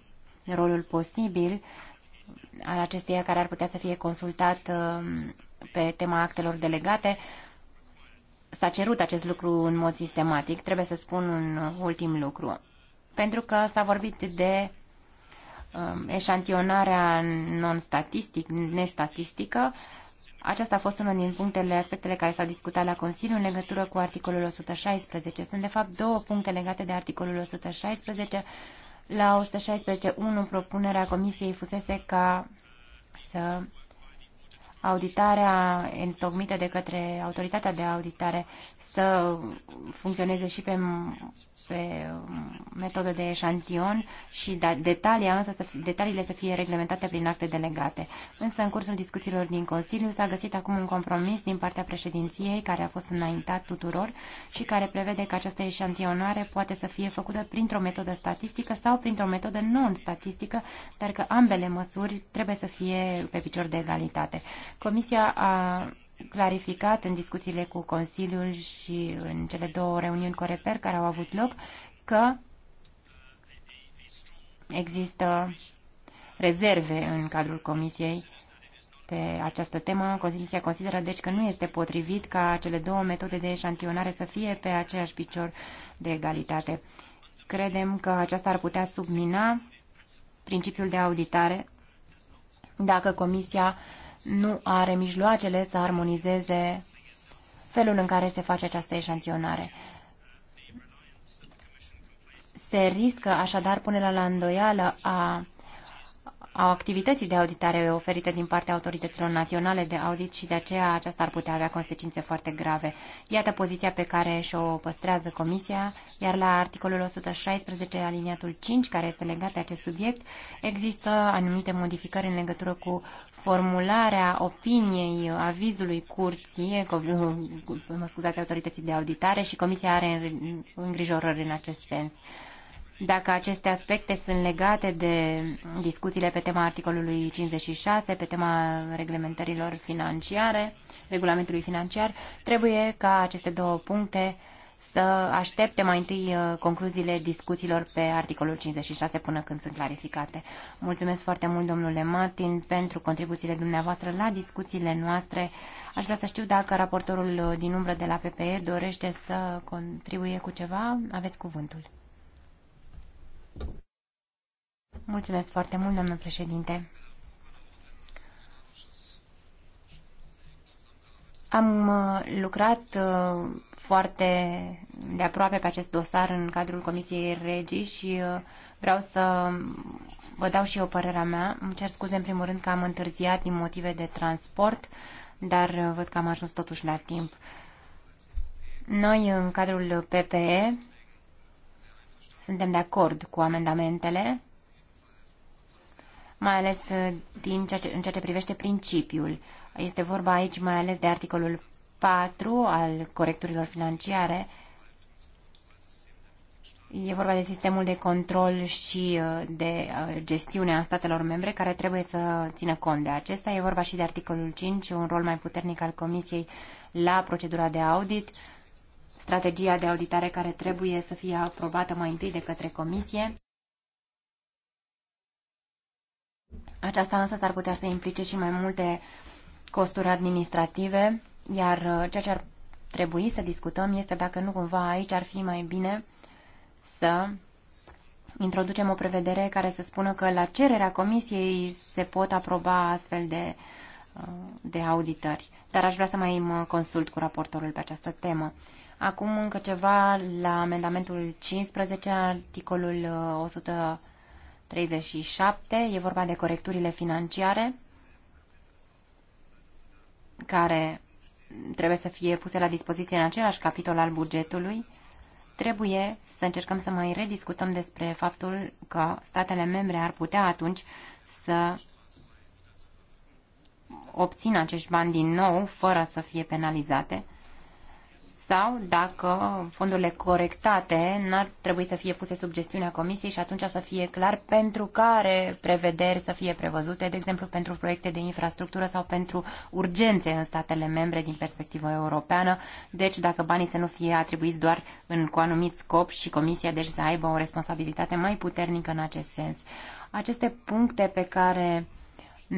rolul posibil, al acesteia care ar putea să fie consultat uh, pe tema actelor delegate. S-a cerut acest lucru în mod sistematic. Trebuie să spun un ultim lucru. Pentru că s-a vorbit de um, eșantionarea non-statistic, nestatistică, aceasta a fost unul din punctele, aspectele care s-au discutat la Consiliu în legătură cu articolul 116. Sunt, de fapt, două puncte legate de articolul 116 la 116.1 propunerea Comisiei fusese ca să auditarea întocmită de către autoritatea de auditare să funcționeze și pe, pe metodă de eșantion și da, detalii, însă să, detaliile să fie reglementate prin acte delegate. Însă, în cursul discuțiilor din Consiliu s-a găsit acum un compromis din partea președinției care a fost înaintat tuturor și care prevede că această eșantionare poate să fie făcută printr-o metodă statistică sau printr-o metodă non-statistică, dar că ambele măsuri trebuie să fie pe picior de egalitate. Comisia a clarificat în discuțiile cu Consiliul și în cele două reuniuni reper care au avut loc că există rezerve în cadrul Comisiei pe această temă. Comisia consideră deci că nu este potrivit ca cele două metode de eșantionare să fie pe aceeași picior de egalitate. Credem că aceasta ar putea submina principiul de auditare dacă Comisia uh, nu are mijloacele să armonizeze felul în care se face această eșantionare. Se riscă așadar punerea la îndoială a a activității de auditare oferite din partea autorităților naționale de audit și de aceea aceasta ar putea avea consecințe foarte grave. Iată poziția pe care și-o păstrează Comisia, iar la articolul 116 aliniatul 5, care este legat de acest subiect, există anumite modificări în legătură cu formularea opiniei avizului curții, mă scuzați, autorității de auditare și Comisia are îngrijorări în acest sens dacă aceste aspecte sunt legate de discuțiile pe tema articolului 56, pe tema reglementărilor financiare, regulamentului financiar, trebuie ca aceste două puncte să aștepte mai întâi uh, concluziile discuțiilor pe articolul 56 până când sunt clarificate. Mulțumesc foarte mult, domnule Martin, pentru contribuțiile dumneavoastră la discuțiile noastre. Aș vrea să știu dacă raportorul uh, din umbră de la PPE dorește să contribuie cu ceva. Aveți cuvântul. Mulțumesc foarte mult, domnul președinte. Am uh, lucrat uh, foarte de aproape pe acest dosar în cadrul Comisiei Regii și uh, vreau să vă dau și eu părerea mea. Îmi cer scuze în primul rând că am întârziat din motive de transport, dar văd că am ajuns totuși la timp. Noi, în cadrul PPE, suntem de acord cu amendamentele, mai ales uh, din ceea ce, în ceea ce privește principiul. Este vorba aici mai ales de articolul 4 al corecturilor financiare. E vorba de sistemul de control și uh, de uh, gestiune a statelor membre care trebuie să țină cont de acesta. E vorba și de articolul 5, un rol mai puternic al Comisiei la procedura de audit strategia de auditare care trebuie să fie aprobată mai întâi de către Comisie. Aceasta însă s-ar putea să implice și mai multe costuri administrative, iar uh, ceea ce ar trebui să discutăm este dacă nu cumva aici ar fi mai bine să introducem o prevedere care să spună că la cererea comisiei se pot aproba astfel de, uh, de auditări. Dar aș vrea să mai consult cu raportorul pe această temă. Acum încă ceva la amendamentul 15, articolul 137. Uh, e vorba de corecturile financiare care trebuie să fie puse la dispoziție în același capitol al bugetului. Trebuie să încercăm să mai rediscutăm despre faptul că statele membre ar putea atunci să obțină acești bani din nou fără să fie penalizate sau dacă fondurile corectate n-ar trebui să fie puse sub gestiunea comisiei și atunci să fie clar pentru care prevederi să fie prevăzute, de exemplu pentru proiecte de infrastructură sau pentru urgențe în statele membre din perspectivă europeană, deci dacă banii să nu fie atribuiți doar în, cu anumit scop și comisia deci să aibă o responsabilitate mai puternică în acest sens. Aceste puncte pe care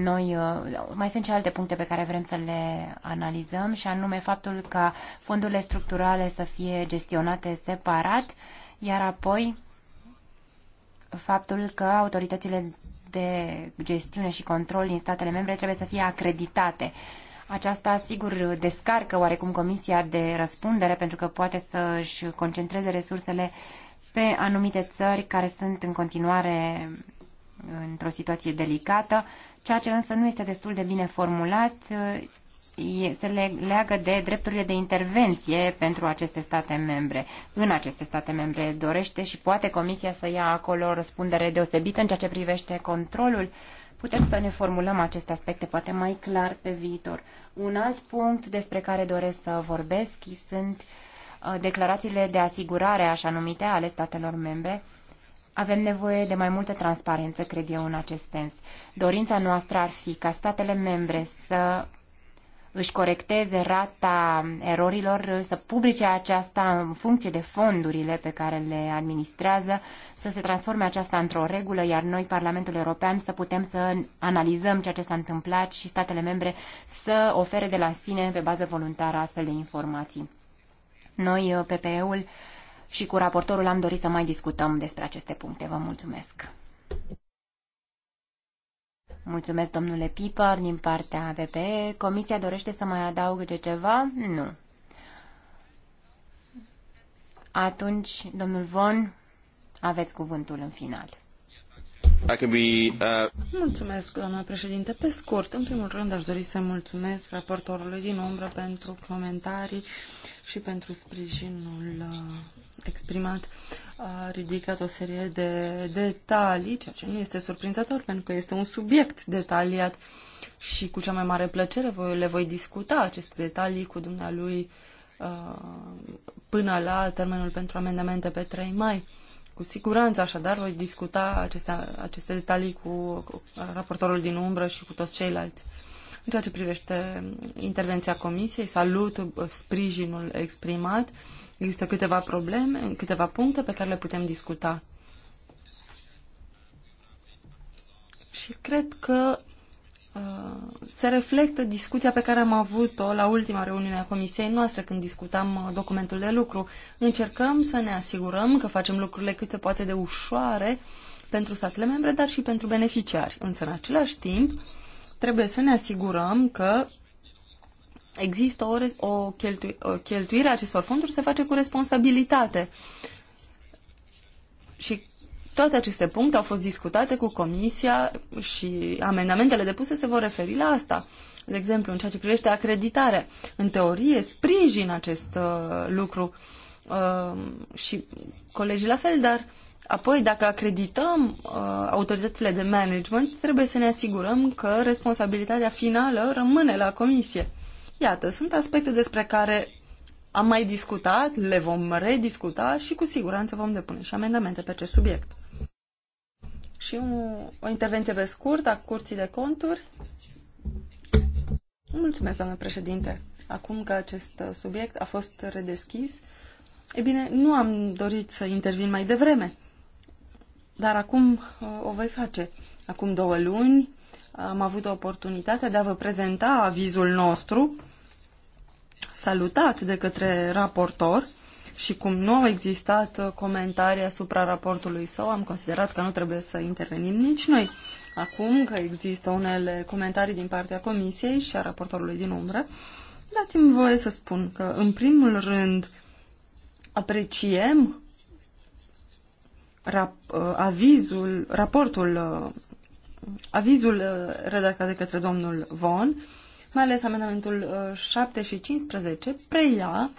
noi uh, mai sunt și alte puncte pe care vrem să le analizăm și anume faptul ca fondurile structurale să fie gestionate separat, iar apoi faptul că autoritățile de gestiune și control din statele membre trebuie să fie acreditate. Aceasta, sigur, descarcă oarecum Comisia de răspundere pentru că poate să își concentreze resursele pe anumite țări care sunt în continuare într-o situație delicată Ceea ce însă nu este destul de bine formulat uh, se leagă de drepturile de intervenție pentru aceste state membre. În aceste state membre dorește și poate Comisia să ia acolo răspundere deosebită în ceea ce privește controlul. Putem să ne formulăm aceste aspecte poate mai clar pe viitor. Un alt punct despre care doresc să vorbesc sunt uh, declarațiile de asigurare, așa numite, ale statelor membre, avem nevoie de mai multă transparență, cred eu, în acest sens. Dorința noastră ar fi ca statele membre să își corecteze rata erorilor, să publice aceasta în funcție de fondurile pe care le administrează, să se transforme aceasta într-o regulă, iar noi, Parlamentul European, să putem să analizăm ceea ce s-a întâmplat și statele membre să ofere de la sine, pe bază voluntară, astfel de informații. Noi, uh, PPE-ul, și cu raportorul am dorit să mai discutăm despre aceste puncte. Vă mulțumesc! Mulțumesc, domnule Piper, din partea VPE. Comisia dorește să mai de ceva? Nu. Atunci, domnul Von, aveți cuvântul în final. Uh, mulțumesc, doamna președinte. Pe scurt, în primul rând aș dori să mulțumesc raportorului din umbră pentru comentarii și pentru sprijinul uh, exprimat a ridicat o serie de detalii, ceea ce nu este surprinzător pentru că este un subiect detaliat și cu cea mai mare plăcere voi, le voi discuta aceste detalii cu dumnealui până la termenul pentru amendamente pe 3 mai. Cu siguranță, așadar, voi discuta aceste, aceste detalii cu raportorul din umbră și cu toți ceilalți. În ceea ce privește intervenția Comisiei, salut uh, sprijinul exprimat Există câteva probleme, câteva puncte pe care le putem discuta. Și cred că uh, se reflectă discuția pe care am avut-o la ultima reuniune a comisiei noastre când discutam uh, documentul de lucru. Încercăm să ne asigurăm că facem lucrurile cât se poate de ușoare pentru statele membre, dar și pentru beneficiari. Însă, în același timp, trebuie să ne asigurăm că există o, o, cheltui, o cheltuire a acestor fonduri, se face cu responsabilitate. Și toate aceste puncte au fost discutate cu Comisia și amendamentele depuse se vor referi la asta. De exemplu, în ceea ce privește acreditare, în teorie sprijin acest uh, lucru uh, și colegii la fel, dar apoi dacă acredităm uh, autoritățile de management, trebuie să ne asigurăm că responsabilitatea finală rămâne la Comisie. Iată, sunt aspecte despre care am mai discutat, le vom rediscuta și cu siguranță vom depune și amendamente pe acest subiect. Și un, o intervenție pe scurt a Curții de Conturi. Mulțumesc, doamnă președinte. Acum că acest uh, subiect a fost redeschis, e bine, nu am dorit să intervin mai devreme, dar acum uh, o voi face. Acum două luni am avut oportunitatea de a vă prezenta avizul nostru salutat de către raportor și cum nu au existat uh, comentarii asupra raportului său, am considerat că nu trebuie să intervenim nici noi. Acum că există unele comentarii din partea comisiei și a raportorului din umbră, dați-mi voie să spun că, în primul rând, apreciem rap, uh, avizul, raportul, uh, avizul redactat de către domnul Von, mai ales amendamentul 7 uh, și 15, preia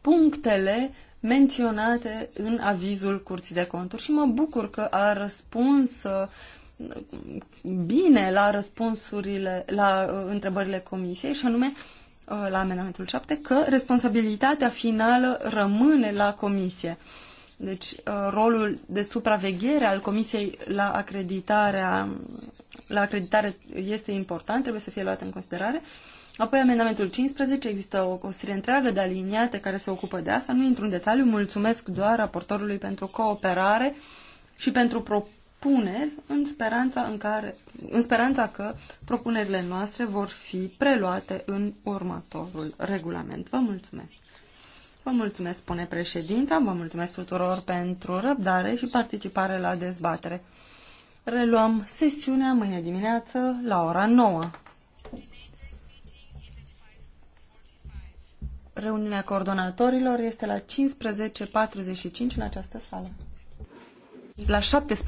punctele menționate în avizul Curții de Conturi și mă bucur că a răspuns uh, bine la răspunsurile, la uh, întrebările Comisiei și anume la amendamentul 7 că responsabilitatea finală rămâne la Comisie. Uh, deci, uh, rolul de supraveghere al Comisiei la acreditarea la acreditare este important, trebuie să fie luat în considerare. Apoi, amendamentul 15, există o, o serie întreagă de aliniate care se ocupă de asta. Nu intru în detaliu, mulțumesc doar raportorului pentru cooperare și pentru propuneri, în speranța, în care, în speranța că propunerile noastre vor fi preluate în următorul regulament. Vă mulțumesc! Vă mulțumesc, spune președinta, vă mulțumesc tuturor pentru răbdare și participare la dezbatere. Reluăm sesiunea mâine dimineață la ora 9. Reuniunea coordonatorilor este la 15.45 în această sală. La 17.